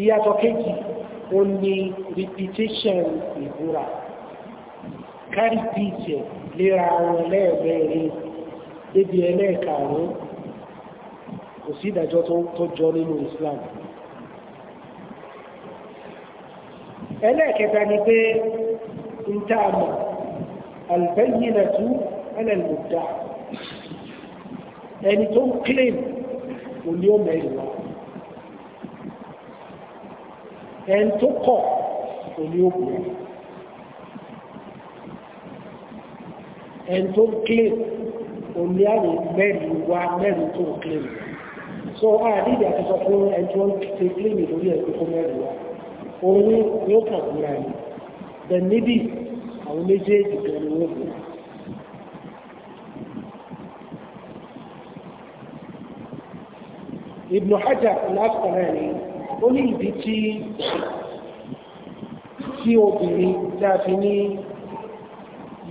Speaker 1: ìyàtọ̀ kejì ó ní repetition ìbúra kárí píìtì léra wọn lẹ́ẹ̀mẹ́rin débi ẹlẹ́ẹ̀kàrún kò sí ìdájọ́ tó jọ nínú Islam ẹlẹ́ẹ̀kẹta ni pé ń tá a mọ̀ albayyinatu ala al-mudda ẹni tó ń claim òní ọmọ ìlú ẹni tó kọ̀ kò ní òkú rẹ̀ ẹni tó kílè òní àwọn mẹ́rin wá mẹ́rin tó kílè rẹ̀ so àdídì àti sọ fún ẹni tó ti kílè mi lórí ẹ̀kọ́ fún mẹ́rin wá òun yóò kàn wúra ni bẹ̀ níbi àwọn méjèèjì kan ni wọ́n bùrọ̀ Ibn Hajar al-Asqalani ó ní ìdí tí tí obìnrin tí a fi ní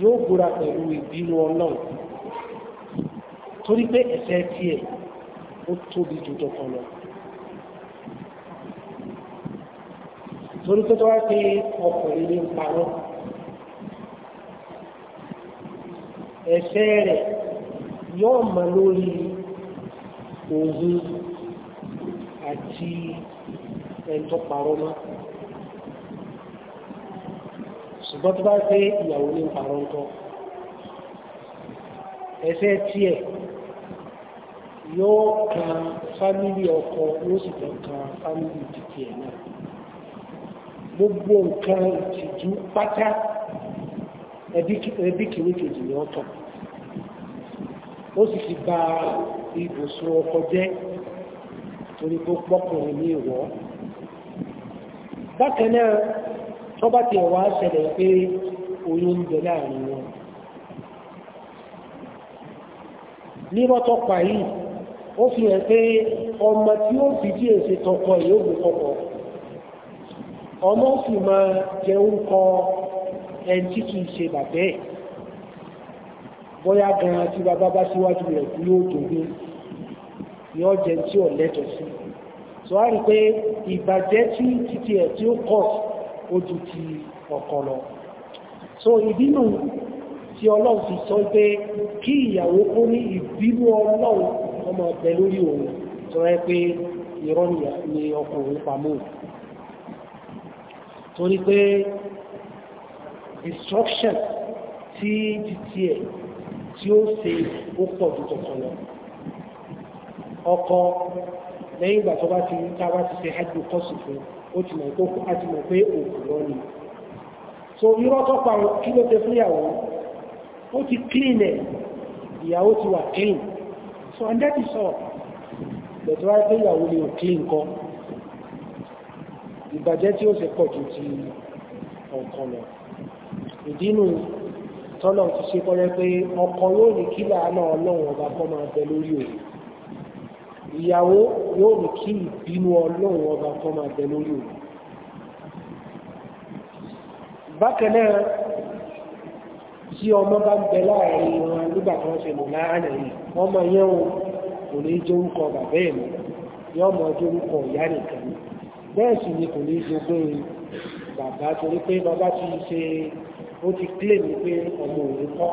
Speaker 1: yóò búra pẹ̀lú ìbínú ọlọ́run torí pé ẹ̀ṣẹ̀ tiẹ̀ ó tóbi jù dọ̀kan lọ torí pé tó wá pé ọkùnrin ní parọ́ ẹ̀ṣẹ̀ rẹ̀ yóò mọ lórí òun àti ẹni tó parọ́ mọ́ ṣùgbọ́n tó bá pé ìyàwó ní parọ́ ń tọ́ ẹsẹ̀ tiẹ̀ yóò kan fámìlì ọkọ yóò sì tẹ̀ kan fámìlì títí ẹ̀ náà gbogbo nǹkan ìtìjú pátá ẹbí kìíní kejì ni ọ̀tọ̀ ó sì ti bà ibùsùn ọkọ jẹ́ torí pé pọ́kùnrin ní ìwọ bákan náà tó bá ti ẹ̀wà ṣẹlẹ̀ pé oyún ń bẹ láàrin wọn nírọ́ tó pa yìí ó fi hàn pé ọmọ tí ó fi díẹ̀ ṣe tọkọ yóò gbé kọkọ ọmọ sì máa jẹun kọ ẹni tí kìí ṣe bàbẹ́ ẹ̀ bóyá gan-an tí bàbá bá síwájú rẹ̀ yóò dògbé yóò jẹ tí ò lẹ́tọ̀ọ́ sí i so a rí pé ìbàjẹ́ tí títí ẹ̀ tí ó kọ̀ ojú ti ọkọ lọ so ìbínú tí ọlọ́run fi sọ pé kí ìyàwó kó ní ìbínú ọlọ́run ọmọ ọ̀bẹ lórí òun tó rẹ pé irọ́ ni ọkùnrin pamọ́ torí pé destruction tí títí ẹ̀ tí ó ṣe ó pọ̀ jù tọ̀tọ̀ lọ ọkọ lẹ́yìn ìgbà tó bá ti ká bá ti ṣe hajj kọ́sù fún ó ti mọ̀ tó a mọ̀ pé òkú lọ ni so irọ́ tó pa kí ló ṣe fúnyàwó ó ti clean ẹ̀ ìyàwó ti wà clean so and that is all bẹ̀tọ́ wáyé pé ìyàwó ni ò clean kọ́ ìbàjẹ́ tí ó ṣe pọ̀ ju ti ọ̀kan lọ ìdínú tọ́lọ̀ ti ṣe kọ́lẹ́ pé ọkọ̀ yóò ní kílà náà ọlọ́run ọba kọ́ máa bẹ lórí òun ìyàwó yóò ní kí ìbínú ọlọ́run ọba tó máa bẹ lórí òun bákẹ́lẹ́ tí ọmọ bá ń bẹ láàrin wọn nígbà tó ń ṣe lò láàrin yìí ọmọ yẹn kò ní jẹ orúkọ bàbá ẹ̀ mọ́ yọ orúkọ ìyá nìkan ni bẹ́ẹ̀ sì ni kò ní jogún bàbá torí pé bàbá ti ṣe ó ti kílè ní pé ọmọ òun kọ́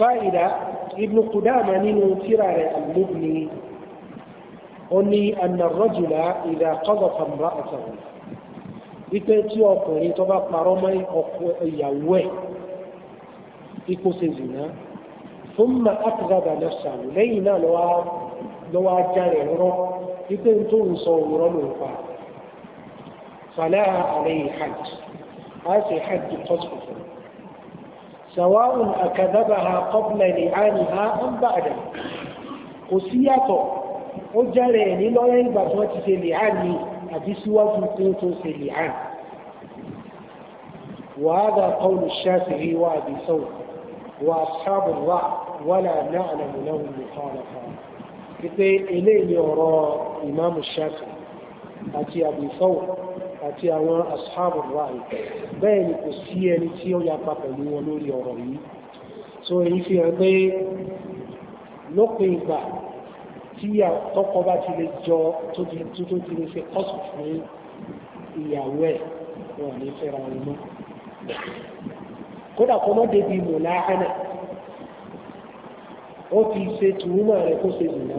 Speaker 1: فائدة ابن قدامة من فرار المبني أني أن الرجل إذا قذف امرأته ipe tí ọkùnrin tó bá parọ́ mọ́ ìyàwó ẹ̀ ikú ṣe zìnà fún ma akzaba nafsa lẹ́yìn náà lọ́wọ́ ajá rẹ̀ rọ́ ipe tó ń sọ òwúrọ́ ló ń pa fàlẹ́ àlẹ́ hajj a ṣe hajj tọ́sí fún un سواء أكذبها قبل لعانها أم بعد قسياته أجري لله يبطوة لعاني أبي سواء قوت لعان وهذا قول الشافعي وأبي ثور وأصحاب الرأي ولا نعلم له مخالفة إليه يرى إمام الشافعي أتي أبي ثور àti àwọn ashabu rai bẹ́ẹ̀ ni kò sí ẹni tí ó yapa pẹ̀lú wọn lórí ọ̀rọ̀ yìí so èyí fi hàn pé lópin ìgbà tí àtọ́kọ bá ti lè jọ tó ti lè ṣe kọ́sù fún ìyàwó ẹ̀ wọn ní fẹ́ra wọn mọ́ kódà kọ́ mọ́ débi mọ̀ láhánà ó ti ṣe tùrúmọ̀ rẹ̀ kó ṣe jùlọ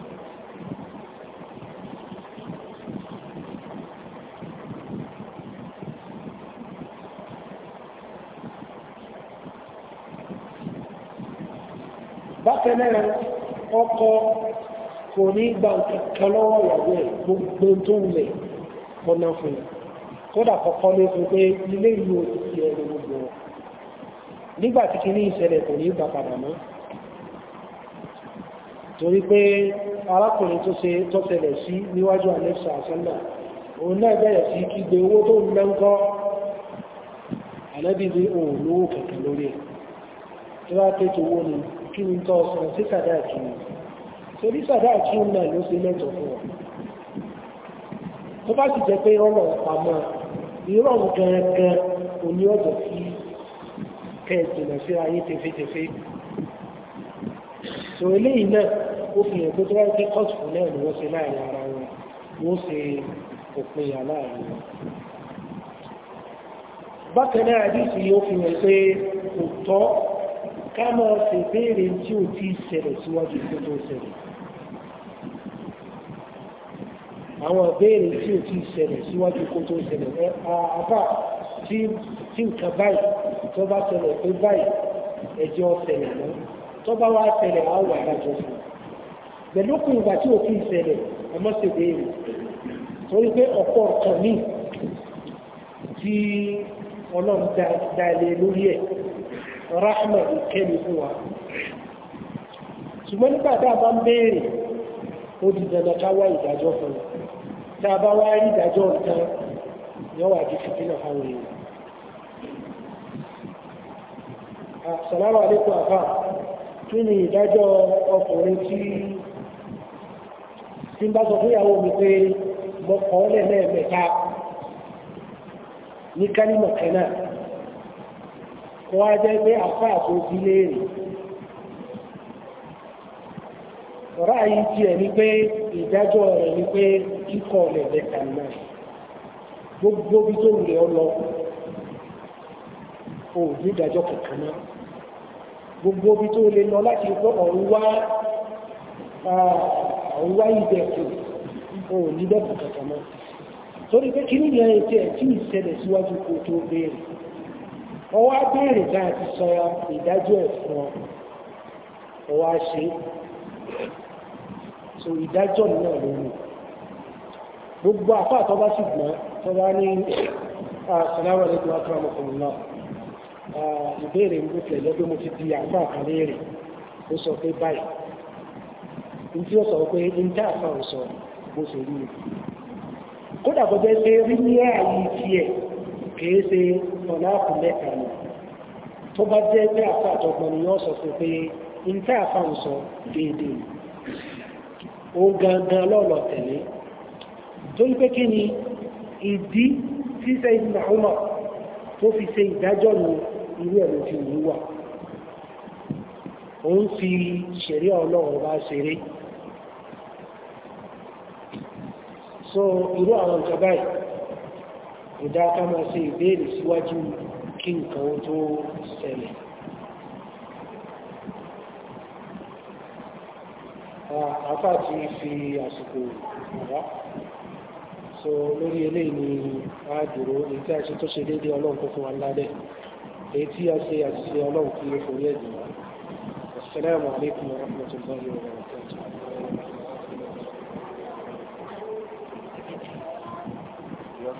Speaker 1: tẹ́lẹ̀ ọkọ kò ní gba nǹkan lọ́wọ́ ìyàwó ẹ̀ gbogbo tó ń lẹ̀ ọ̀nà fún un kódà kọ̀kọ́ lé fún pé ilé ìlú òtítì ẹ̀rọ gbogbo wọn nígbà tí kìíní ìṣẹ̀lẹ̀ kò ní gbà padà mọ́ torí pé arákùnrin tó ṣe tó ṣẹlẹ̀ sí níwájú alexa àṣánà òun náà bẹ̀rẹ̀ sí kígbe owó tó ń lẹ́ńkọ́ àlẹ́bí ní òun lówó kẹ̀kẹ́ lórí ẹ̀ tí wọ́n á owó ni kí ni tọ́ sọ sí sàdáàkì ni torí sàdáàkì náà ló ṣe lẹ́tọ̀ fún ọ tó bá sì jẹ́ pé rọ́rọ̀ pamọ́ ìrọ̀rùn gangan òní ọ̀dọ̀ sí kẹ́ẹ̀dùnà sí ayé tefetefe so eléyìí náà ó fi hàn pé tó bá jẹ́ kọ́ọ̀tù náà ni wọ́n ṣe láàrin ara wọn wọ́n ṣe òpin yà wọn bákan náà àdìsí yóò fi hàn pé kò tọ́ ká máa sì béèrè tí ò tí ṣẹlẹ̀ síwájú tó tó ṣẹlẹ̀ àwọn béèrè tí ò tí ṣẹlẹ̀ síwájú kó tó ṣẹlẹ̀ àbá tí nǹkan báyìí tó bá ṣẹlẹ̀ pé báyìí ẹjọ́ ṣẹlẹ̀ lọ tó bá wá ṣẹlẹ̀ á wà lájọ fún pẹ̀lú kùn ìgbà tí òfin ṣẹlẹ̀ ẹmọ́ sì béèrè torí pé ọ̀pọ̀ ọ̀kan míì tí ọlọ́run dá ilé lórí ẹ̀ rahma ìkẹ́mi fún wa ṣùgbọ́n nígbà tá a bá ń béèrè ó di dandan ká wá ìdájọ́ fún wa tá a bá wá rí ìdájọ́ nǹkan yóò wà di fìdílà fáwọn èèyàn Assalamu alaykum àfà kí ni ìdájọ́ ọkùnrin tí tí ń bá sọ fún mi pé mo ní kálímọ̀ náà kó wá jẹ́ pé àfá àtòjú léèrè ọ̀rá yìí tiẹ̀ ni pé ìdájọ́ rẹ̀ ni pé kíkọ́ lẹ̀lẹ̀ kàná gbogbo bí tó wùlẹ̀ ọ lọ o ní ìdájọ́ kankan náà gbogbo bí tó lè lọ láti pọ́ ọ̀run wá ọ̀run wá o ní dẹ́kùn kankan náà torí pé kí ní ìyẹn ti ẹ̀ tí ìṣẹ̀lẹ̀ síwájú kó tó béèrè wọ́n wá béèrè ti sọ ìdájọ́ ọ wọ́n so ìdájọ́ náà ló gbogbo afọ àtọ́bá sì gbọ́n tó ní àṣàláwà lẹ́gbẹ̀ẹ́ àtúrà ọmọkùnrin náà ìbéèrè ń gbókè lọ́gbẹ́ mo ti di àpá àkàlẹ́rẹ̀ ó sọ pé báyìí ní tí ó sọ pé ní ò sọ bó ṣe rí kódà ṣe tọ́láàpù mẹ́ta ni tó bá jẹ́ pé àfa àtọ́gbọ́n ni yóò sọ fún pé n tá àfa ń sọ déédéé ó gangan lọ́ọ̀lọ́ tẹ̀lé torí pé kí ni ìdí tí sẹ́yìn nàúmà tó fi ṣe ìdájọ́ ní irú ẹ̀rọ ti wù wà ó ń fi ṣẹ̀rí ọlọ́run bá ṣeré so irú àwọn ìjọba yìí kò dá ká máa ṣe ìbéèrè síwájú kí nǹkan ó tó ṣẹlẹ̀ àfáà ti fi àsìkò wá so lórí eléyìí ni a dúró èyí tí a ṣe tó ṣe déédé ọlọ́run tó fún wa lálẹ́ èyí tí a ṣe àṣìṣe ọlọ́run tí ó forí ẹ̀dùn wa assalamu alaikum warahmatullahi
Speaker 2: wabarakatuh وعليكم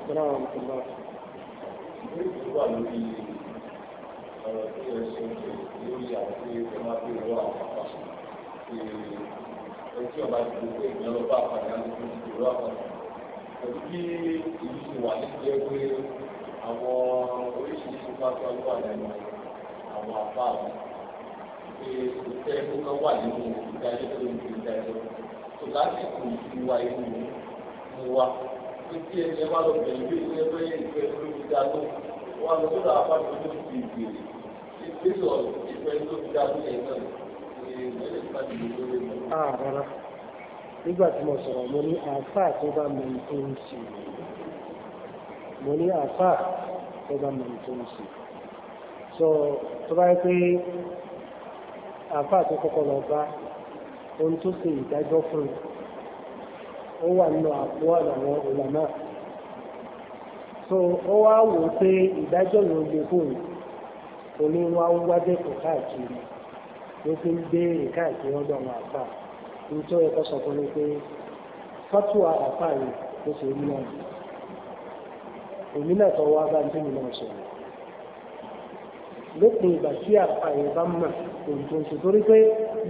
Speaker 2: السلام ورحمة الله Ẹjọ́ bá ti gbogbo ìgbàlọ́pàá àpàdé àwọn ìgbàlọ́pàá pẹ̀lú bí ìlú ti wà ní ìjẹ́ pé àwọn oríṣiríṣi pátá ló wà lẹ́nu àwọn àbá àwọn pé kò tẹ́ kó kán wà nínú ìdájọ́ tó ń fi dájọ́ tó láti kù ìwà inú mu wa pé tí ẹni ẹ bá lọ bẹ̀rẹ̀ bí ìṣe pé ìfẹ́ ló fi dá tó wà lọ sódà àbájọ tó fi ìgbèrè ìgbésọ̀ ìfẹ́ ló fi dá tó yẹn náà ni ìrẹ̀lẹ̀ ìpàdé ló
Speaker 1: nígbà tí mo sọ̀rọ̀ mo ní àáfàá tó bá mọ tó ń mo ní tó bá tó so tó bá pé àáfàá tó kọ́kọ́ lọ bá ohun tó ṣe ìdájọ́ fún ó wà nínú àpò àwọn so ó wá wò pé ìdájọ́ yóò lè fún òní wá ń wájẹ́ kò káàkiri ló fi ń nítorí ẹ̀kọ́ sọ fún mi pé fatuwa àpá yìí ló ṣe rí náà òmìnà tó wá bá ń bí mi náà sọ̀rọ̀ lópin ìgbà tí àpá yẹn bá mọ̀ òǹtòǹtò torí pé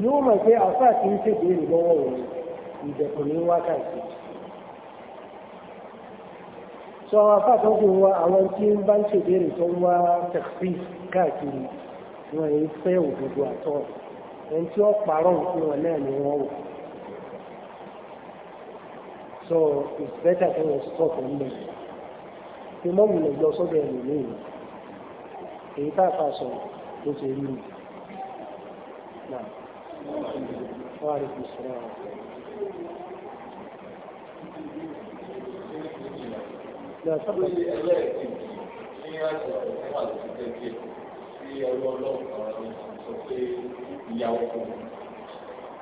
Speaker 1: yóò mọ̀ pé àpá kì í ṣèbéèrè lọ́wọ́ òun ìdẹ̀kùn ní wákàtí sọ àwọn àpá tó fi wá àwọn tí ń bá ń ṣèbéèrè tó ń wá tẹ̀sí káàkiri wọn yìí fẹ́ òdodo àtọ́ ẹni tí wọ́n parọ́ òfin wọn náà ni wọ́n wò. So it's better to stop on me. The more wùlẹ̀ lọ sọ́dọ̀ ẹ̀lú lóòrùn. Èyí tá a fà sọ ló ṣe rí mi. Náà, wọ́n á rí fi sọ́ra wọn.
Speaker 2: Náà sábà ní ẹlẹ́ẹ̀kì ní àjọ àwọn àti sọ pé ìyàwó kan.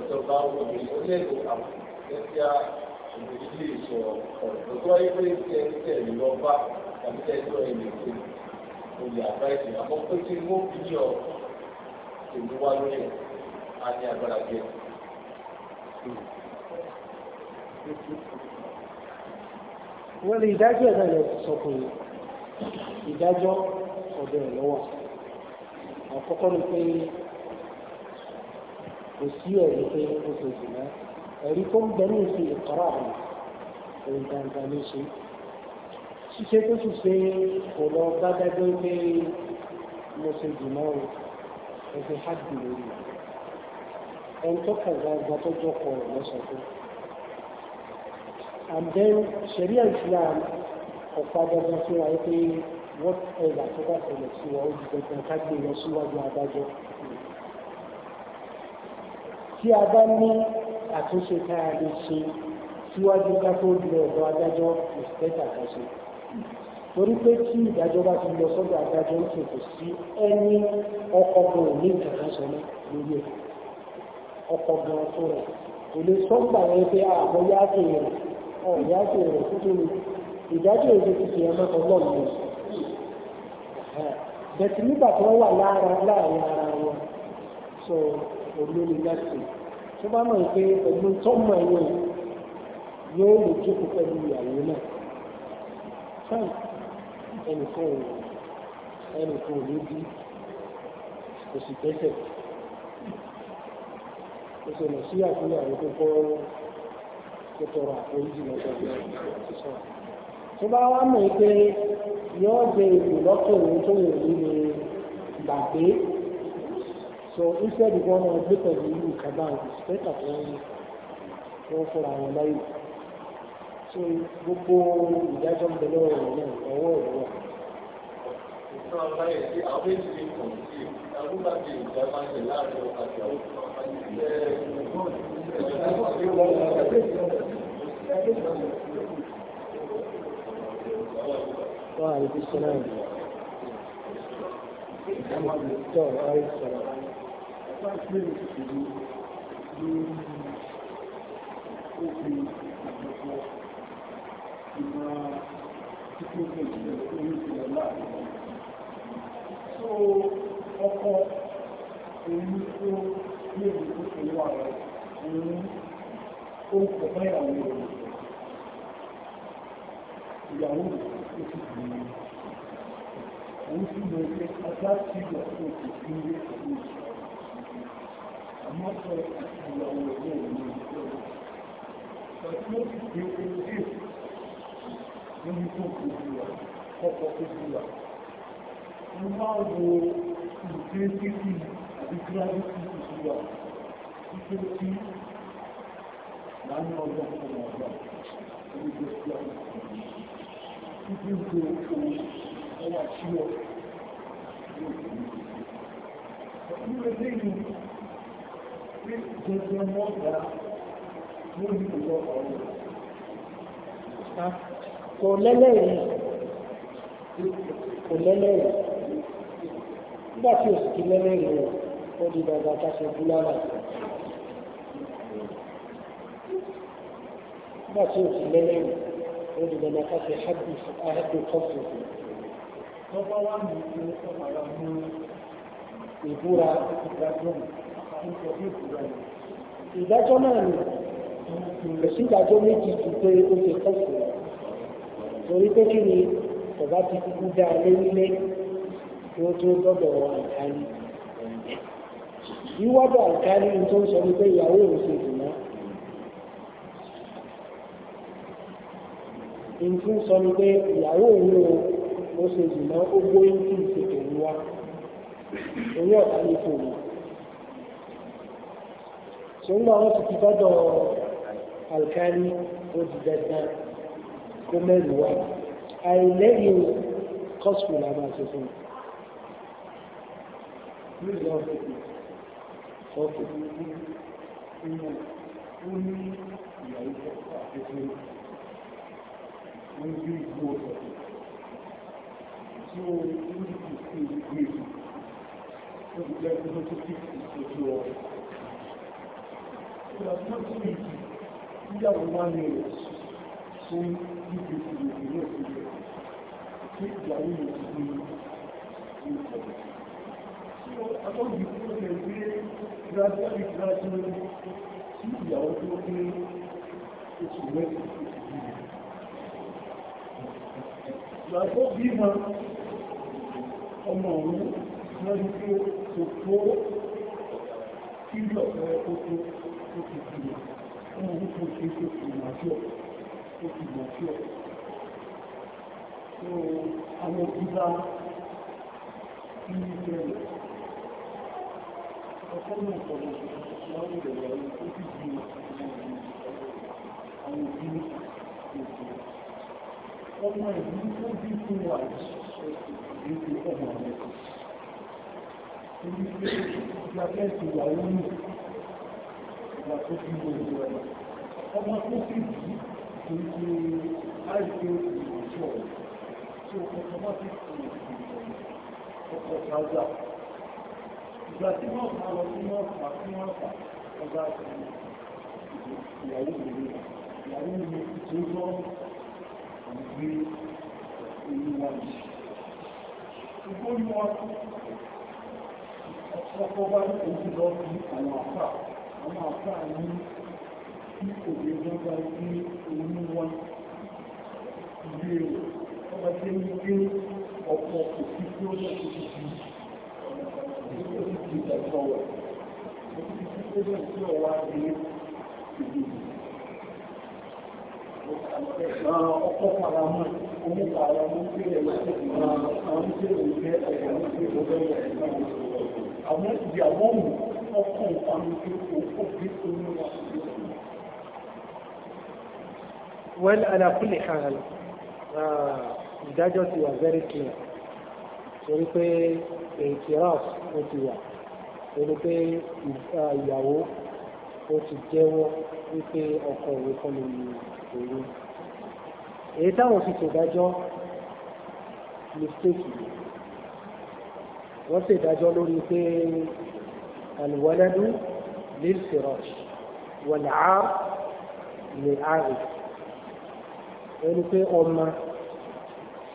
Speaker 2: ìjọba òbí onílẹ̀-èdè àwọn ẹ̀ṣẹ́ ìdílé ìṣọ̀ ọ̀rọ̀ tó wáyé pé ṣe ẹni tẹ̀ ní lọ́ba tàbí tẹ̀síọ́ ẹni tó olè àbáyé àmọ́ pé kí wọ́n fi ní ọ èmi wá lórí ẹ̀ á ní agbára jẹ.
Speaker 1: wọ́n lè ìdájọ́ ẹ̀dá rẹ̀ sọ pé ìdájọ́ ọ̀dọ̀ ẹ̀ lọ́wọ́ àkọ́kọ́ ni pé kò sí ẹ̀rí pé ó ṣe jìnnà ẹ̀rí tó ń bẹ ní ìsìn ìkọ́rọ̀ àmì òun dandan ló ṣe ṣíṣe tó sì ṣe kò lọ bá dájọ́ pé mo ṣe jìnnà o ẹgbẹ́ hajj lórí ẹni tó kàgbà ìgbà tó jọkọ̀ lọ́sọ̀tún and then sharia islam ọ̀pá dandan fúnra pé whatever tó bá ṣẹlẹ̀ sí wa ó di dandan ká gbé lọ síwájú adájọ́ tí a bá ní àtúnṣe tá a lè ṣe síwájú ká tó lọ ọ̀dọ̀ adájọ́ ìfẹ́ta kan ṣe torí pé tí ìdájọ́ bá ti lọ sọ́dọ̀ adájọ́ ń tètè sí ẹni ọkọ̀ gan ní ìkàkà sọ mọ́ lórí ẹ̀ ọkọ̀ gan tó rẹ̀ kò lè sọ́gbà rẹ̀ pé àbọ̀ yáàtì rẹ̀ ọ̀ yáàtì rẹ̀ kó tó lè ìdájọ́ èdè ti fi ẹ̀mọ́ ọlọ́run lọ bẹ̀tì nígbà tó wà láàárín ara wọn so òun láti tó bá mọ̀ pé pẹ̀lú tó mọ̀ ẹ̀wọ̀ yóò lè jókòó pẹ̀lú ìyàwó náà fún ẹnìkan òun ẹnìkan òun bí kò sì tẹ́sẹ̀ kò sì lọ sí àkúnyà àwọn tó kọ́ tó tọrọ àforíjì lọ́jọ́ ìṣọ́ tó bá wá mọ̀ pé yóò jẹ ìlú lọ́kọ̀ òun tó wù ní gbàgbé So instead of going on look at the EU combined, it's better for them wọ́n fọ́ra wọn láyé. So gbogbo ìdájọ́ ń bẹ lọ́wọ́ rẹ̀
Speaker 2: náà ọwọ́ rẹ̀ wà. Ìfúnra báyìí sí àwọn èdè kan sí àbúgbà tí Wa alaikum Wa alaikum so ọkọ̀ èyí tó ní èyí tó pẹ̀lú ààrẹ òun ó ń pọ̀ mẹ́rin àwọn èèyàn ìyàwó ìtòsí ìgbìyànjú òun sì mọ̀ pé ọjọ́ sí ìgbà tó ti fi ń gbé ìgbìyànjú Mo máa wo ìgbésí àti gravity ìṣúwà títí tí láàrín ọjọ́ ọmọ ọ̀gbà ní ìgbésí àwọn títí tí ó kò ọwà síọ̀ ní ìgbésí. Ọdún rẹ̀ lẹ́yìn gẹ́gẹ́ mọ́ta lórí ìjọ ọ̀rọ̀. Kò lẹ́lẹ́rìí, kò lẹ́lẹ́rìí. Nígbà tí o sì ti
Speaker 1: lẹ́lẹ́rìí rẹ̀, ó di dàgbà káṣe búlára. Nígbà tí o sì lẹ́lẹ́rìí, ó di dàgbà káṣe áhẹ́dù
Speaker 2: kọ́fù. Tọ́pá wà ní ìlú ìbúra ìgbàgbọ́n ìdájọ́ náà ni ìrẹsì ìdájọ́ méjì ti pé ó ti kọ́sùn torí pé kí ni
Speaker 1: ọba ti kú dá lérílé kí ó tó dọ́dọ̀ àǹkárí wíwọ́dọ̀ àǹkárí tó ń sọ ní pé ìyàwó òun ṣe dùnmọ́ ìtú ń sọ ní pé ìyàwó òun o ó ṣe dùnmọ́ ó gbóyún kí ìṣètò ìwá oyún ọ̀tá ní fòmù sọ́gbà wọn ti fi tọ́jọ́ alkali ó ti dẹ́ta kó mẹ́rin wá àìlẹ́yìn kọ́sùkù la máa ṣe fún
Speaker 2: Thank you ìyàwó wá ní rẹ̀ fún ibi ìrìnlẹ̀ ní òkúrẹ̀ tí ìyàwó rẹ̀ ti ní ìpẹ̀lẹ̀. tí ó atọ́jú fún ọ̀rẹ́ pé gradually gradually tí ìyàwó tó ní oṣù mẹ́rin ìgbàgbọ́ bí ma ọmọ òun lọ́dún tí ó tó kí lọ́pẹ́ ó tó ó ti kìlọ̀ ọmọ orúkọ ṣe ṣe ìrìnàjò ó ti ìrìnàjò so àwọn ìgbà ìlú rẹ̀ ọkọ̀ náà pọ̀lọ̀ láwọn ìrẹ̀lẹ̀ ó ti di àwọn òbí ètò ọmọ ìlú tó bí fún wa ètò ọmọ rẹ̀ Ìgbàgbẹ́ ìyàwó náà ìgbà tó fi wo ìlú ẹ̀ ọmọ tó fi yìí kò ń ṣe àìsí ìrìnàjò tó ọmọ ti fi ọkọ̀ ṣáájà ìgbà tí wọ́n fà lọ sí wọ́n fà sí wọ́n fà ọjà ìyàwó ìlú ìyàwó ìlú tó lọ ìgbé ìlú wọn ṣùgbọ́n wọn ọ̀pọ̀ bá ń lọ sí àwọn àpá àwọn àfáà ní tí kò lè dọ́gba sí orí wa ilé rẹ̀ ọba tí ó gbé ọ̀pọ̀ kò sí tí ó lọ sí ti di ó sì ti dàgbà wà ó sì ti tó bẹ̀rẹ̀ sí ọ̀wá dé ọkọ̀ faramọ́ owó faramọ́ tí ẹ̀ lọ́sẹ̀ àwọn tí ó lè jẹ́ ẹ̀yà ní pé ó bẹ̀rẹ̀ àwọn ìyàwó mi ọkọ̀ ìpàmìtì òkú bí omi wà
Speaker 1: well ala kulli hal ah, ìdájọ́ ti wà very clear torí pé èkìrás ó ti wà torí pé ah, ìyàwó ó ti jẹ́wọ́ wípé ọkọ òwe kọ́ èyí táwọn fi ṣèdájọ́ mistake wọ́n ṣèdájọ́ lórí pé الولد للفراش والعار للعار ẹni pé ọmọ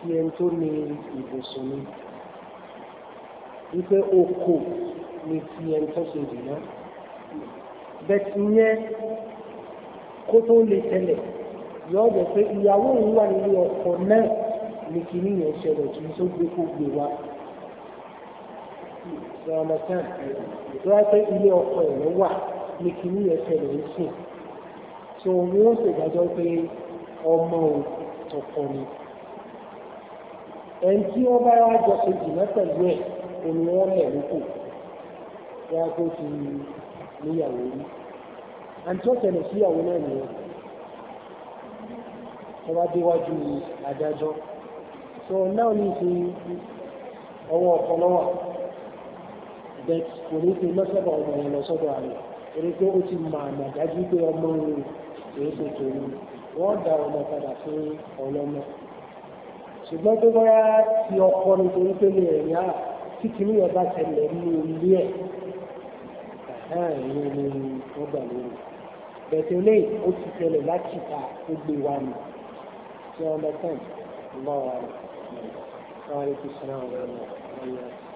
Speaker 1: tí ẹni tó ní ìbùsùn ni wípé oko ni ti ẹni tó ṣe dìná bẹ́ẹ̀ yẹn kó tó lè tẹ́lẹ̀ yọ ọ̀dọ̀ pé ìyàwó òun wà nílé ọkọ náà ni kìíní yẹn ṣẹlẹ̀ kì tó gbé kó gbé wa sọ ọmọ tán ìjọ pé ilé ọkọ ẹ̀ ló wà ní kìíní ẹsẹ̀ ló ń sùn so wọn ó ṣèdájọ́ pé ọmọ ò tọkọ ni ẹni tí wọn bá wá jọ ṣe jìnnà pẹ̀lú ẹ̀ òní wọn lẹ̀ lóko wọn á tó fi níyàwó rí àǹtí ọ̀tẹ̀lẹ̀ síyàwó náà nìyẹn wọ́n bá déwájú adájọ́ so náà ní ìsìn ọwọ́ ọ̀pọ̀lọ́wà bẹ́ẹ̀ kò ní fi mọ́sọ́bà ọmọ yẹn lọ sọ́dọ̀ àlè torí pé ó ti mọ àmà dájú pé ọmọ rẹ̀ kìí ṣe tòun wọ́n da ọmọ padà fún ọlọ́mọ. ṣùgbọ́n tó bá ti ọkọ ni torí pé ní ẹ̀yà tí kìíní yẹn bá tẹ̀lé ní ilé ẹ̀ ẹ̀yìn ni wọ́n gbà lórí. bẹ̀tẹ̀ lé ó ti tẹ̀lé láti ta ó gbé wa nù tí ọmọ tán lọ́wọ́ rẹ̀. Wa alaikum salaam wa rahmatullahi
Speaker 2: wa barakatuh.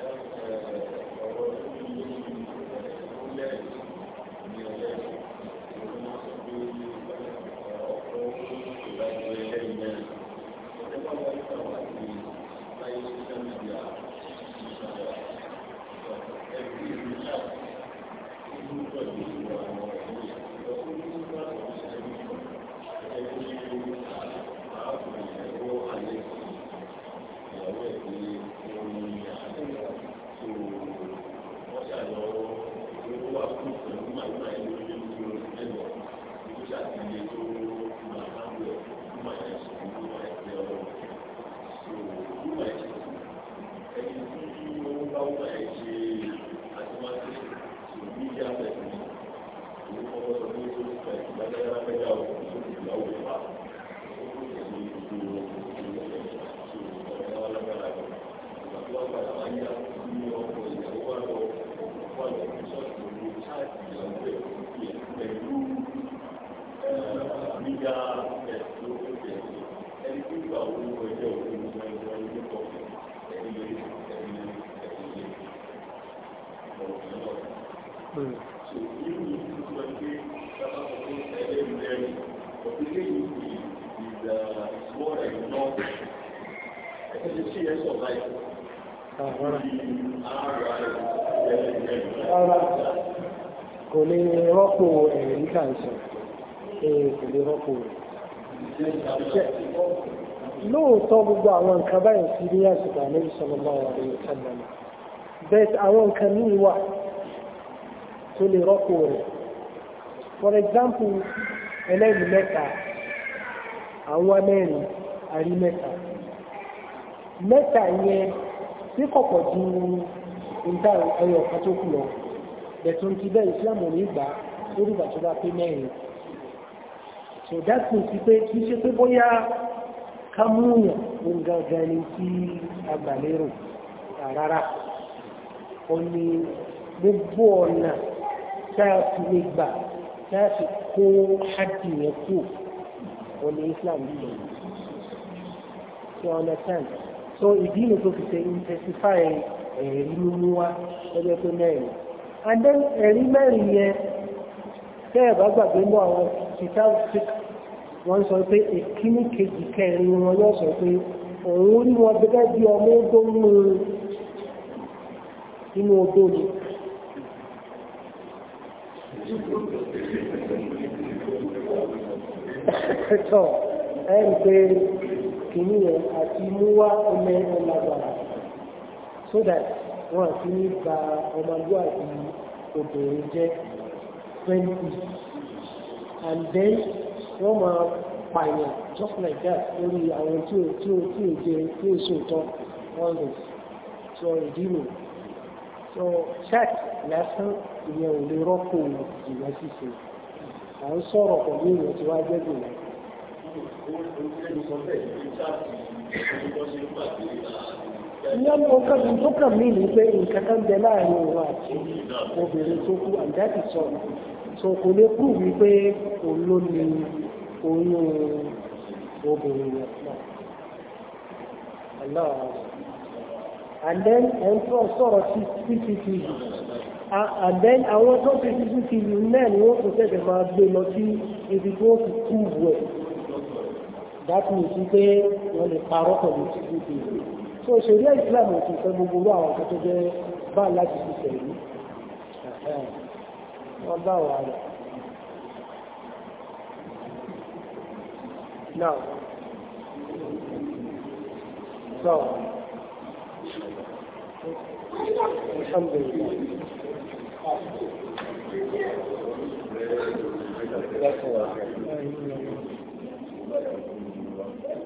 Speaker 2: Gracias.
Speaker 1: àwọn nǹkan báyìí sí ní àsìkò ànábì sallallahu alaihi wasallam àwọn nǹkan míì wà tó lè rọ́pò rẹ̀ for example ẹlẹ́rìí mẹ́ta àwọn mẹ́rin àrí mẹ́ta mẹ́ta yẹn tí kọ̀pọ̀ ju nta ẹyọ kan tó kù lọ bẹ̀tún ti bẹ́ẹ̀ Islam ò ní gbà lórí ìgbà tó bá pé mẹ́rin so that means pé kì í ṣe pé bóyá ká múyàn ń gangan ni kí agbàlérò rárá ó ní gbogbo ọ̀nà tá a fi lè gbà tá kó hajj yẹn kú ó ní Islam yìí ṣe ọ̀nà tán so ìdí ni tó fi ṣe intensify ẹ̀rí mímú wá lọ́jọ́ tó mẹ́rin and then ẹ̀rí mẹ́rin yẹn tẹ́ bá gbàgbé mọ́ àwọn kìtá fik wọ́n sọ pé ìkíní kejì kẹrin wọn yóò sọ pé òun rí wọn gẹ́gẹ́ bí ọmọ odó nínú odó ni. tọ́ ẹ ń kìíní yẹn àti mú ọmọ ọlágbára so that wọn àti ní ba ọmọlúwàbí obìnrin jẹ́ twenty and then wọ́n máa pààyàn just like that lórí àwọn tí ò tí ò tí ò jẹ tí ò sòótọ́ all this so ìdí nù so check lásán ìyẹn ò lè rọ́pò ìgbà ṣíṣe à ń sọ̀rọ̀ pẹ̀lú
Speaker 2: ìwọ̀n tí wàá jẹ́ gbìyànjú. Thank you ìyá mi ọkọ mi tó kàn mí ní
Speaker 1: pé nǹkan kan bẹ láàrin òun àti obìnrin tó kú àjáde sọ so kò lè kú wípé òun ló ní
Speaker 2: oyún obìnrin yẹn náà. Allah
Speaker 1: and then ẹn tó sọ̀rọ̀ CCTV and then àwọn tó fi CCTV náà ni wọ́n kò tẹ̀sẹ̀ máa gbé lọ sí ibi tí wọ́n ti kú wẹ̀. That means wípé wọ́n lè parọ́ pẹ̀lú CCTV so ṣeré islam ò ti fẹ́ gbogbo àwọn ọ̀kan tó jẹ́ bá láti fi tẹ̀lé
Speaker 2: wọ́n bá wà rẹ̀ now so Thank you.